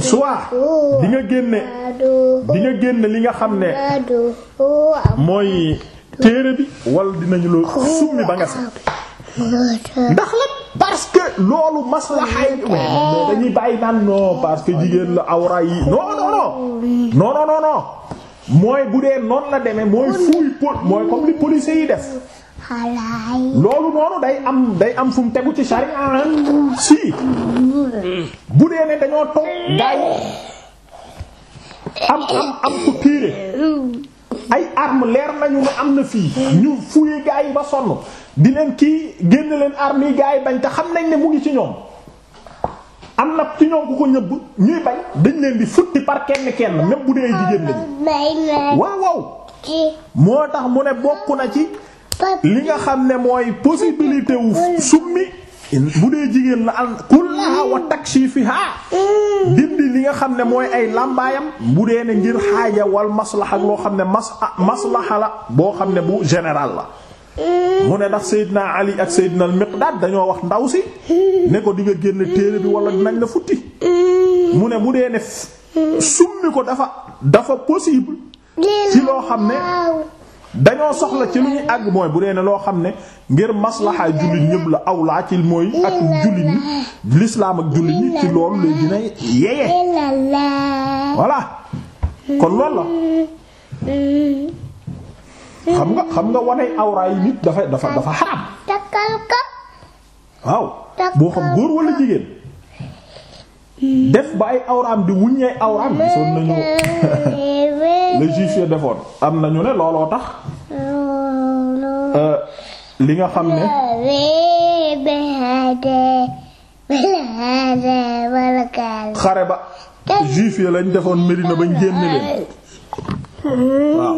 soit di nga génne di nga génne li nga xam ne mooy téere bi wala dinañu la summi ba nga sax ndax la parce que loolu maslaxay dañuy bàyyi naan non parce que jigéen la awra yi non non non mooy bu dee noonu la demee mooy fuuy pot mooy comme li policiers yi def loolu noonu day am day am fu mu tegu ci sharia si bu dee ne dañoo toog gaay am am am ku tiire ay arme leer nañu ne am na fii ñu fuye gaay yi ba sonn di leen kii génn leen arme yi gaay yi bañ te xam nañ ne mu ngi ci ñoom am na ci ñoom ku ko ñëbb ñuy bañ dañ leen di futti par kenn kenn même bu dee jigéen lañu waaw waaw moo tax mu ne bokk na ci li nga xam ne mooy possibilité wu summi bu dee jigéen la al kullaha wa takshifiha mm. dindi li nga xam ne mooy ay làmbaayam bu dee ne ngir xaaja wal maslaha loo xam ne mas ah, maslaha la boo xam ne bu général la mm. mu ne ndax Seydina Ali ak Seydina al-Miqdad dañoo wax ndaw si ne ko di nga génn téere bi wala nañ la futti mm. mu ne bu dee ne summi ko dafa dafa possible ci loo xam ne dañoo soxla ci lu ñuy àgg mooy bu dee ne loo xam ne ngir maslaxaay jullit ñëpp la awlaa ci mooy ak jullit ñi lislaam ak jullit ñi ci loolu lay dina yeye voilà kon loolu la xam nga xam nga waney awra yi nit dafa dafa dafa xaram waaw boo xam góor wala jigéen def ba ay awraam di wuññee awraam gisoon nañu le juif ya defoon am na ñu ne looloo tax euh, li nga xam ne xare ba juif ya lañ defoon Medina bañ génn leen waaw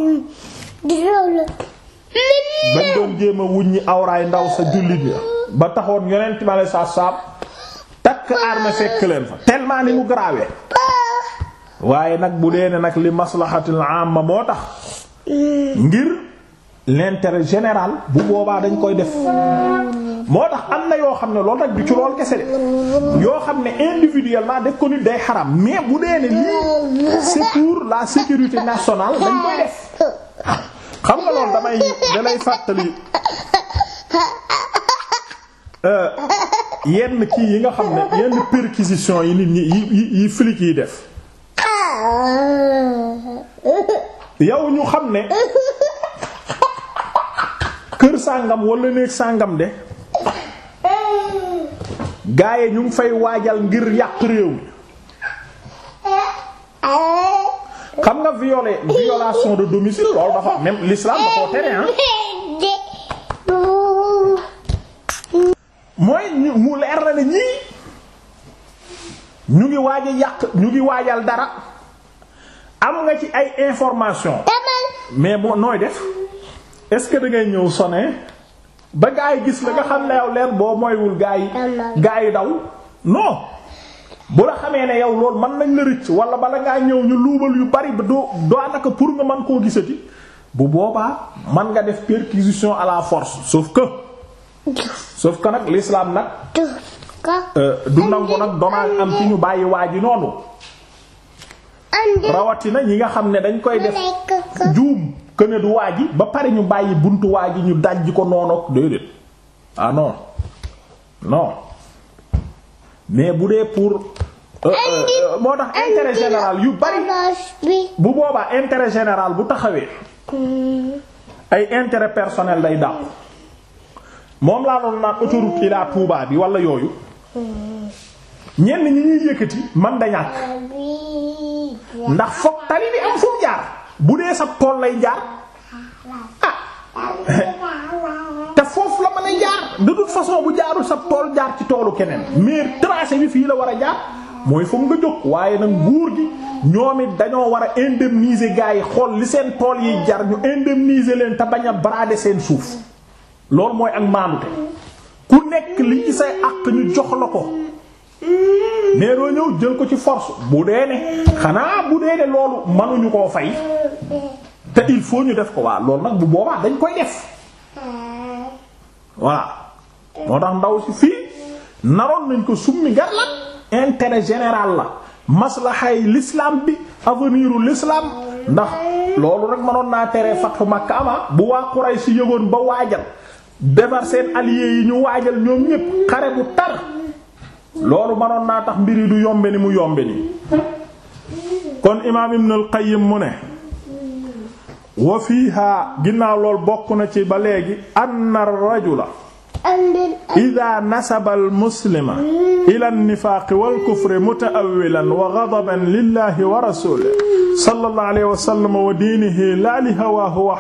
bañ doon jéem a wuññi awraay ndaw sa jullit ya ba taxoon yonent bi aleyhi salaatu salaam takk arme fekk leen fa tellement ni mu garaawee waaye nag bu dee ne nag li maslahatul amma moo tax ngir l'intérêt général bu boobaa dañ koy def moo tax am na yoo xam ne loolu nag du ci lool kese de yoo xam ne individuellement def ko nit day xaram mais bu dee ne lii c'est la sécurité nationale dañ koy def xam nga lool damay dalay fàttali euh, yenn kii yi nga xam ne yenn perquisition yi nit ñi yi yi flics yi def. yow ñu xam ne kër sàngam wala néeg sàngam de gaaye ñu ngi fay waajal ngir yàq réew mi xam nga violé violation de domicile loolu dafa même l'islam da koo tere hein mooy mu leer na ne ñii ñu ngi waaj yàq ñu ngi waajal dara am nga ci ay information mais boo nooy def est-ce que da ngay ñëw sone ba gaa gis la nga xam ne yow leen boo moywul gaa yi gaa yi daw non bu la xamee ne yow loolu man nañ la rëcc wala bala ngaa ñëw ñu luubal yu bari ba doo daanaka pour nga man koo gisati bu boobaa mën nga def perquisition à la force sauf que sauf que nag lislaam nag euh, du nangu nag dommage am ci ñu bàyyi waa ji noonu rawatina ñi nga xam ne dañ koy def uh, uh, juum këne du waa ji ba pare ñu bàyyi buntu waa ji ñu dajj ko noonu ak déedéet ah non non mais bu dee pour euh, euh, euh, moo tax intérêt général yu bari bu boobaa intere général bu taxawee hmm. ay intérêt personnel day dàqu moom laa doon naan autoroute ila Touba bi wala yooyu hmm. ñenn ñi ñuy yëkkati man da ñàkk ndax foog tali bi am fu jaar bu dee sa tool lay jaar ah te foofu la mën a jaar de toute façon bu jaarul sa tool jaar ci toolu keneen mais tracé bi fii la war a jaar mooy foog nga jóg waaye nag nguur gi ñoom it dañoo war a indemniser gars yi xool li seen tool yi jar ñu indemniser leen te bañ a brader seen suuf loolu mooy ak maanute ku nekk li ci say àq ñu jox la ko. mais doo ñëw jël ko ci force bu dee ne xanaa bu dee ne loolu manuñu koo fay te il faut ñu def ko waa loolu nag bu boobaa dañ koy def voilà moo tax ndaw si fii naroon nañ ko summi gar la intérêt général la maslahay l'islam bi aveniru l'islam ndax loolu rek mënoon naa tere fatu Makka ama bu waa Quraysh si yëgoon ba waajal defar seen alliés yi ñu waajal ñoom ñépp xare bu tar loolu manoon naa tax mbir du yombe mu yombe ni kon imaam Ibn al mu ne wa fiiha ginnaaw lool bokk na ci ba léegi anna rajula ida nasaba almuslima ila nnifaaqi walkufri muta'awwilan wa ghadaban lillahi wa rasulihi sallallahu alayhi wa sallam wa diinihi la li hawaahu wa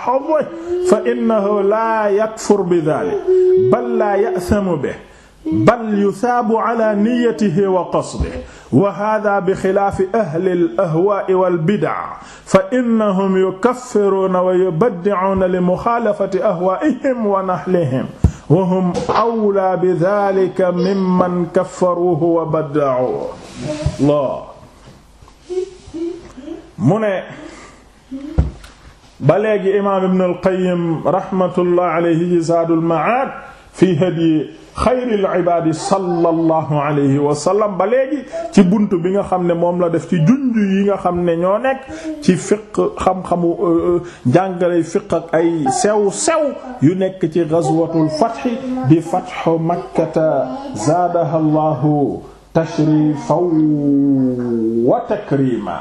fa innahu la yakfur bi dhaalika bal la ya'thamu bihi bal yusaabu ala niyyatihi wa qasdihi wa haadaa bi xilaafi ahlil ahwaa'i wal bid'a fa innahum yukaffiruuna wa yubaddi'uuna li muxaalafati ahwaa'ihim wa nahlihim wa hum awlaa bi dhaalika mimman kaffaruuhu wa badda'uuhu. Allah mu ne ba léegi imaam Ibn al-Qayyim rahmatullahi alayhi Zaadul Ma'aad fi hadyi xayril ibaadi sallallahu alayhi wa sallam ba léegi ci bunt bi nga xam ne moom la def ci junj yi nga xam ne ñoo nekk ci fiq xam-xamu euh, euh, jàngale fiq ay sew sew yu nekk ci ghazwatul fath di fathu makkata zaadaha allahu tashrifan wa takrima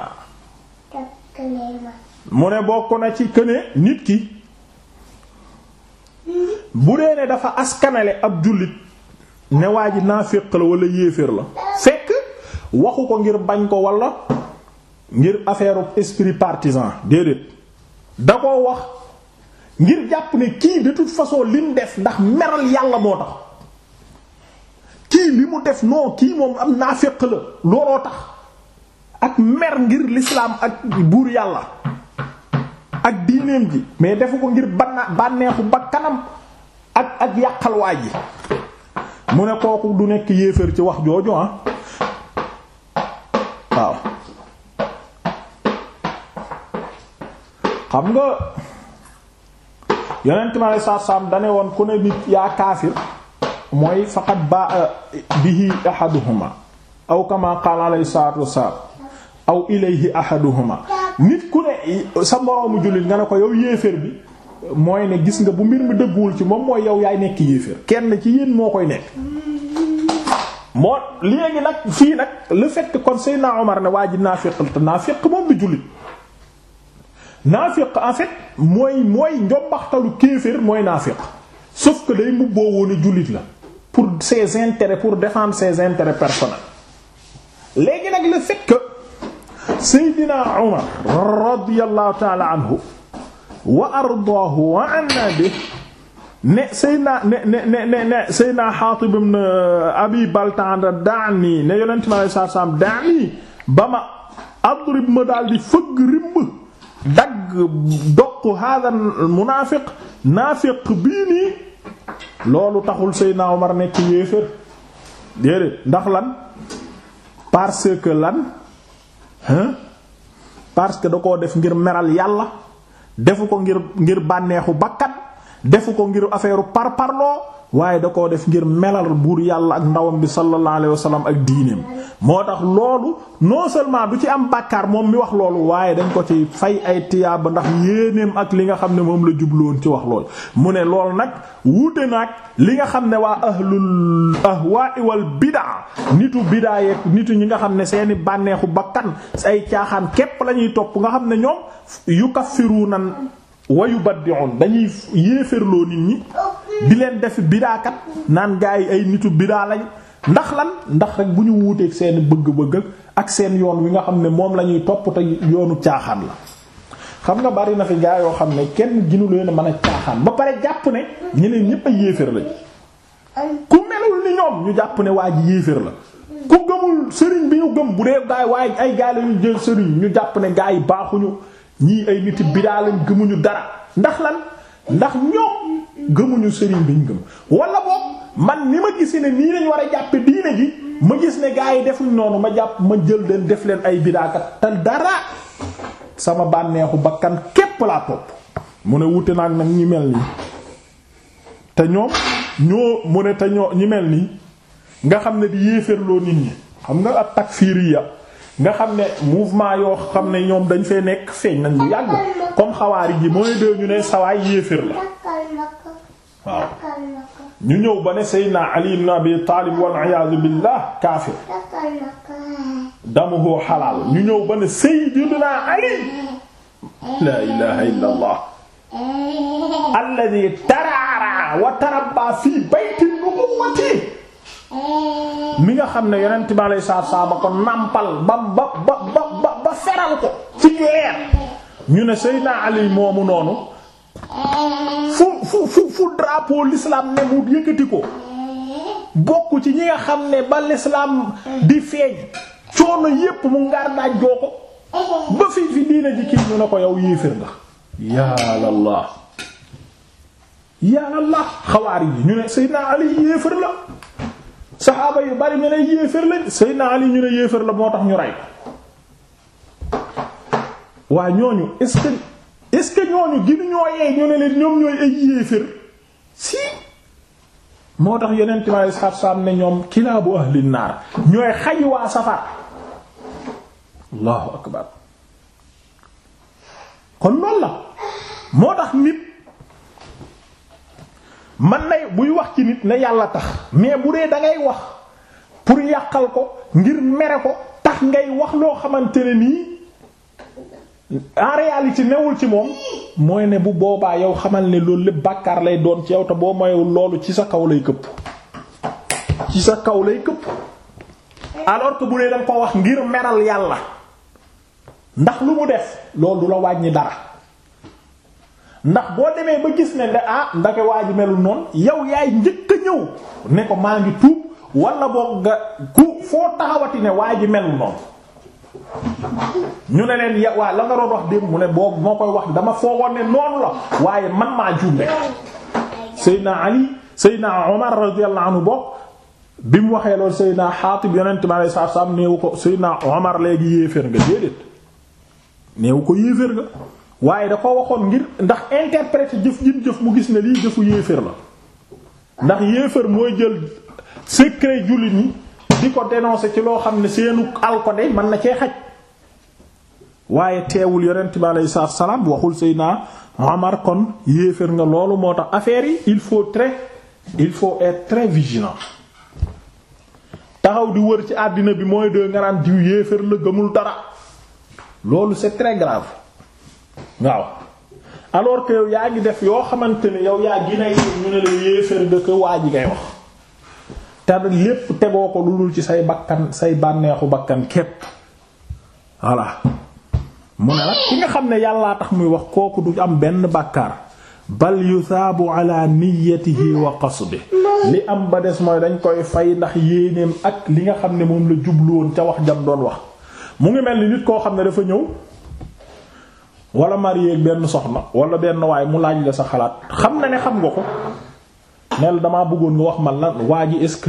mu ne bokk na ci këne nit ki bu dee ne dafa askanale ab jullit ne waa ji naaféq la wala yéeféer la fekk waxu ko ngir bañ ko wala ngir affaire esprit partisan déedéet da koo wax ngir jàpp ne kii de toute façon li mu def ndax meral yàlla moo tax kii li mu def non kii moom am naaféq la looloo tax ak mer ngir l'islam ak buur yàlla ak diineem ji mais defu ko ngir banna bànneexu ba kanam ak ak yàqal waay ji mu ne kooku du nekk yéeféer ci wax jooju ah waaw xam nga yonent ma ne sarsam dane woon ku ne nit yaa kaafir mooy faqat ba euh, bihi ahaduhuma aw kama qaala alayhi salaatu wasalaam aw ilayhi ahaduhuma nit ku ne sa moroomu jullit nga ne ko yow yéeféer bi mooy ne gis nga bu mbir mi dëgguwul ci moom mooy yow yaay nekk yéeféer kenn ci yéen moo koy nekk moo léegi nag fii nag le fait que kon Seydina Omar ne waa ji naafiq la te naafiq moom bi jullit naafiq en fait mooy mooy njombaxtalu kéeféer mooy naafiq sauf que day mbubboo woon jullit la pour ses intérêts pour défendre ses intérêts personnels léegi nag le fait Seydina Umar radiyallahu taala anhu wa ardaahu wa anna bi ne Seydina ne ne ne ne ne Seydina Xaatib ibn Abi Baltaan daani ne yonent mi alayhi salaatu salaam daani ba ma adrib ma daal di fëgg rimb dagg doq haadha munaafiq naafiq bii nii loolu taxul Seydina Umar nekk yéefér déedéet ndax lan parce que lan hein parce que da ko def ngir meral yàlla defu ko ngir ngir bànneexu bakkat defu ko ngir affaire parloo waaye da koo def ngir melal buur yàlla ak ndawam bi sallallahu alayhi wa ak diineem moo tax loolu noo seulement du ci am bàkkaar moom mi wax loolu waaye dañ ko ci fay ay tiyaaba ndax yéeneem ak li nga xam ne moom la jubloon ci wax lool mu ne loolu nag wuute nag li nga xam ne waa ahlul ahwaa'i wal bidaa nitu bidaa yeeg nitu ñi nga xam ne seeni bànneexu bakkan ay caaxaan képp lañuy topp nga xam ne ñoom yukaffiruuna wa yubaddi'uun dañuy yéeférloo nit ñi di leen def bidaakat naan gaa yi ay nitu bidaa lañ ndax lan ndax rek bu ñu wuuteeg seen bëgg-bëgg ak seen yoon wi nga xam ne moom la ñuy topp te yoonu caaxaan la. xam nga bari na fi gaa yoo xam ne kenn ginu leen a mën a caaxaan ba pare jàpp ne ñeneen ñépp ay yéeféer lañ ku melul ni ñoom ñu jàpp ne waa ji yéeféer la ku gëmul sëriñ bi ñu gëm bu dee gaay waaye ay gaay la ñu jël sëriñ ñu jàpp ne gaa yi baaxuñu ñii ay nit bidaa lañ gëmuñu dara ndax lan gëmuñu sëriñ biñ gëm wala boog man ni ma gisi ne nii lañ war a jàppe diine gi ma gis ne gaa yi defuñ noonu ma jàpp ma jël leen def leen ay bidaakat tal dara sama bànneexu bakkan képp laa topp mu ne wuute naag nag ñi mel nii te ñoom ñoo mu ne te ñoo ñi mel nii nga xam ne di yéeférloo nit ñi xam nga ab takfiriya nga xam ne mouvement yoo xam ne ñoom dañ fee nekk feeñ nañ bu yàgg comme xawaari ji mooy dee ñu ne sawaay yéefér la ñu ñëw ba ne Seydina Ali ibn Abi Taalib wal iyaadu billah kaafir damuhu xalaal ñu ñëw ba ne Seydina Ali laa ilaaha illallah alladhi taraara wa tarabba fi bayti nubuwwati mi nga xam ne yonent bi alayhi salaam nampal ba ba ba ba ba feral ko ci leer ñu ne Seydina Ali moomu noonu fu fu fu fu drapeau ne mu yëkkati ko bokk ci ñi nga xam ne ba l'islam di feeñ coono yépp mu ngaar daaj joo ko ba fii fi diina ji kii ñu ne ko yow yéeféer nga yaalallah yaalallah xawaari yi ñu ne Seydina Ali yéeféer la saxaaba yu bari ñu ne yéeféer la Seydina Ali ñu ne yéeféer la moo tax ñu rey waa ñooñu est est-ce que ñooñu ginu ñoo ne leen ñoom ñooy ay yéefér si moo tax yeneen timaayu saab-saab ne ñoom kilaabu ahli naar ñooy xaj waa safar allahu akbar kon loolu la moo tax nit man nay buy wax ci nit ne yàlla tax mais bu dee da ngay wax pour yàqal ko ngir mere ko tax ngay wax loo xamante nii en réalité newul ci moom mooy ne bu boobaa yow xamal ne loolu lépp bàkkaar lay doon ci yow te boo moyewul loolu ci sa kaw lay këpp ci sa kaw lay këpp alors bu dee danga ko wax ngir meral yàlla ndax lu mu def loolu la wàññi dara ndax boo demee ba gis ne da ah ndake waa ji melul noon yow yaay njëkk ñëw ne ko maa ngi tuub wala boog nga ku foo taxawati ne waa ji melul noonu ñu ne leen ya waa la nga doon wax démb mu ne boobu moo koy wax dama foogoon ne noonu la waaye man maa jumbe Seydina Ali Seydina Omar radiyallahu anhu bi mu waxee loolu Seydina Xaatib yonent mi alayhi salaatu salaam néewu ko Seydina Omar léegi yéeféer nga déedéet néewu ko yéeféer nga waaye da ko waxoon ngir ndax interpréter jëf jëf mu gis ne lii jëfu yéeféer la ndax yéeféer mooy jël secret jullit ñi di ko dénoncer ci loo xam ne seenu alkode mën na cee xaj waaye teewul yonent bi aleyhi salaatu salaam waxul Seydina Omar kon yéefér nga loolu moo tax affaire yi il faut très il faut être très vigilant taxaw di wër ci àddina bi mooy de nga naan diw yéefér la gëmul dara loolu c'est très grave waaw alors que yaa ngi def yoo xamante ne yow yaa ginay ñu ne la yéefér nga waa ji ngay wax te lépp tegoo ko lu dul ci say bakkan say bànneexu bakkan képp voilà mu ne nag ki nga xam ne yàllaa tax muy wax kooku du am benn bàkkaar bal yu yusaabu ala niyyatihi wa qasdihi li am ba des mooy dañ koy fay ndax yéenéem ak li nga xam ne moom la jublu ca wax jam doon wax mu ngi mel ni nit koo xam ne dafa ñëw wala marié benn soxna wala benn waay mu laaj la sa xalaat xam na ne xam nga ko nel damaa bëggoon nga wax man lan waa ji est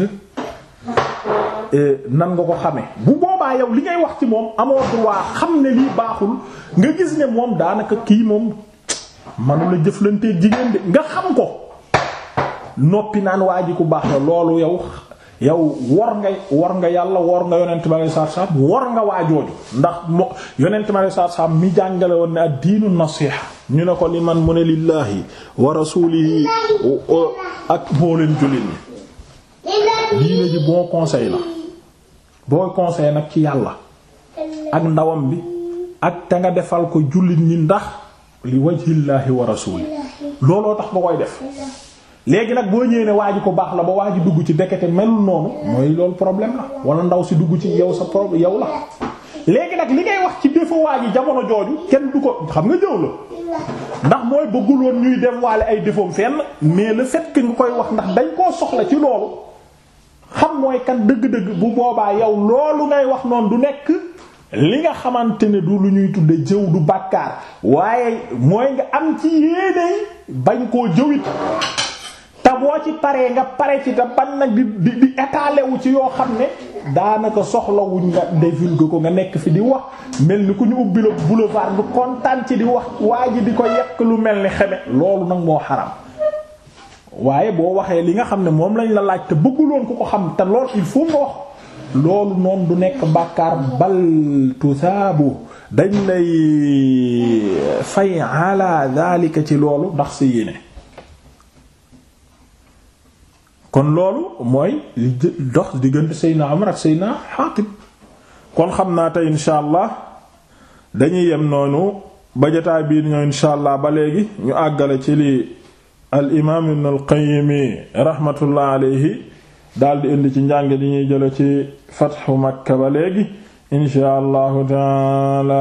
euh, nan nga ko xamee bu boobaa yow li ngay wax ci moom amoo droit xam ne lii baaxul nga gis ne moom daanaka kii moom manula jëflante jigéen de nga xam ko noppi naan waa ji ku baax la loolu yow yow war nga war nga yàlla war nga yonent ma lay sarsam wor nga waajooju ndax mo yonent ma lay sarsam mi jàngale woon ne ad diinu nasiha ñu ne ko li man mu ne lillaahi wa rasuulihi ak moo leen jullit ñi diine ji bon conseil la bon conseil nag ci yàlla ak ndawam bi ak te nga defal ko jullit ñi ndax li wajhillaahi wa rasuuli looloo tax ba koy def léegi nag boo ñëwee waaju ko baax la ba waa ji dugg ci ndekete melul noonu mooy loolu problème la wala ndaw si dugg ci yow sa problème yow la léegi nag li ngay wax ci défaut waa jamono jooju kenn du ko xam nga jëw la ndax mooy bëggul woon ñuy dem waale ay défauts fenn mais le fait que nga koy wax ndax dañ koo soxla ci loolu xam mooy kan dëgg-dëgg bu boobaa yow loolu ngay wax noonu du nekk li nga xamante ne du lu ñuy tudde jëw du bàkkaar waaye mooy nga am ci bañ koo jëwit te boo ci paree nga pare ci te ban nag di di di ci yoo xam ne daanaka soxlawuñ nga dévulgué ko nga nekk fi di wax mel ni ku ñu ubbi la boulevard kontaan ci di wax waa ji di ko yekk lu mel ni xeme loolu nag moo xaram waaye boo waxee li nga xam ne moom lañ la laaj te bëgguloon ku ko xam te lool il faut nga wax loolu noonu du nekk bàkkaar bal tusaabu dañ lay fay ala daalika ci loolu ndax sa yéene kon loolu mooy dox diggante Seydina Umar ak Seydina Xaatib kon xam naa tey insha allah dañuy yem noonu ba jotaay bii ñoo insha allah ba léegi ñu àggale ci li al imaam ibn al qayyim rahmatullah alayhi daldi indi ci njàng li ñuy jële ci fatxu makka ba léegi insha allahu taala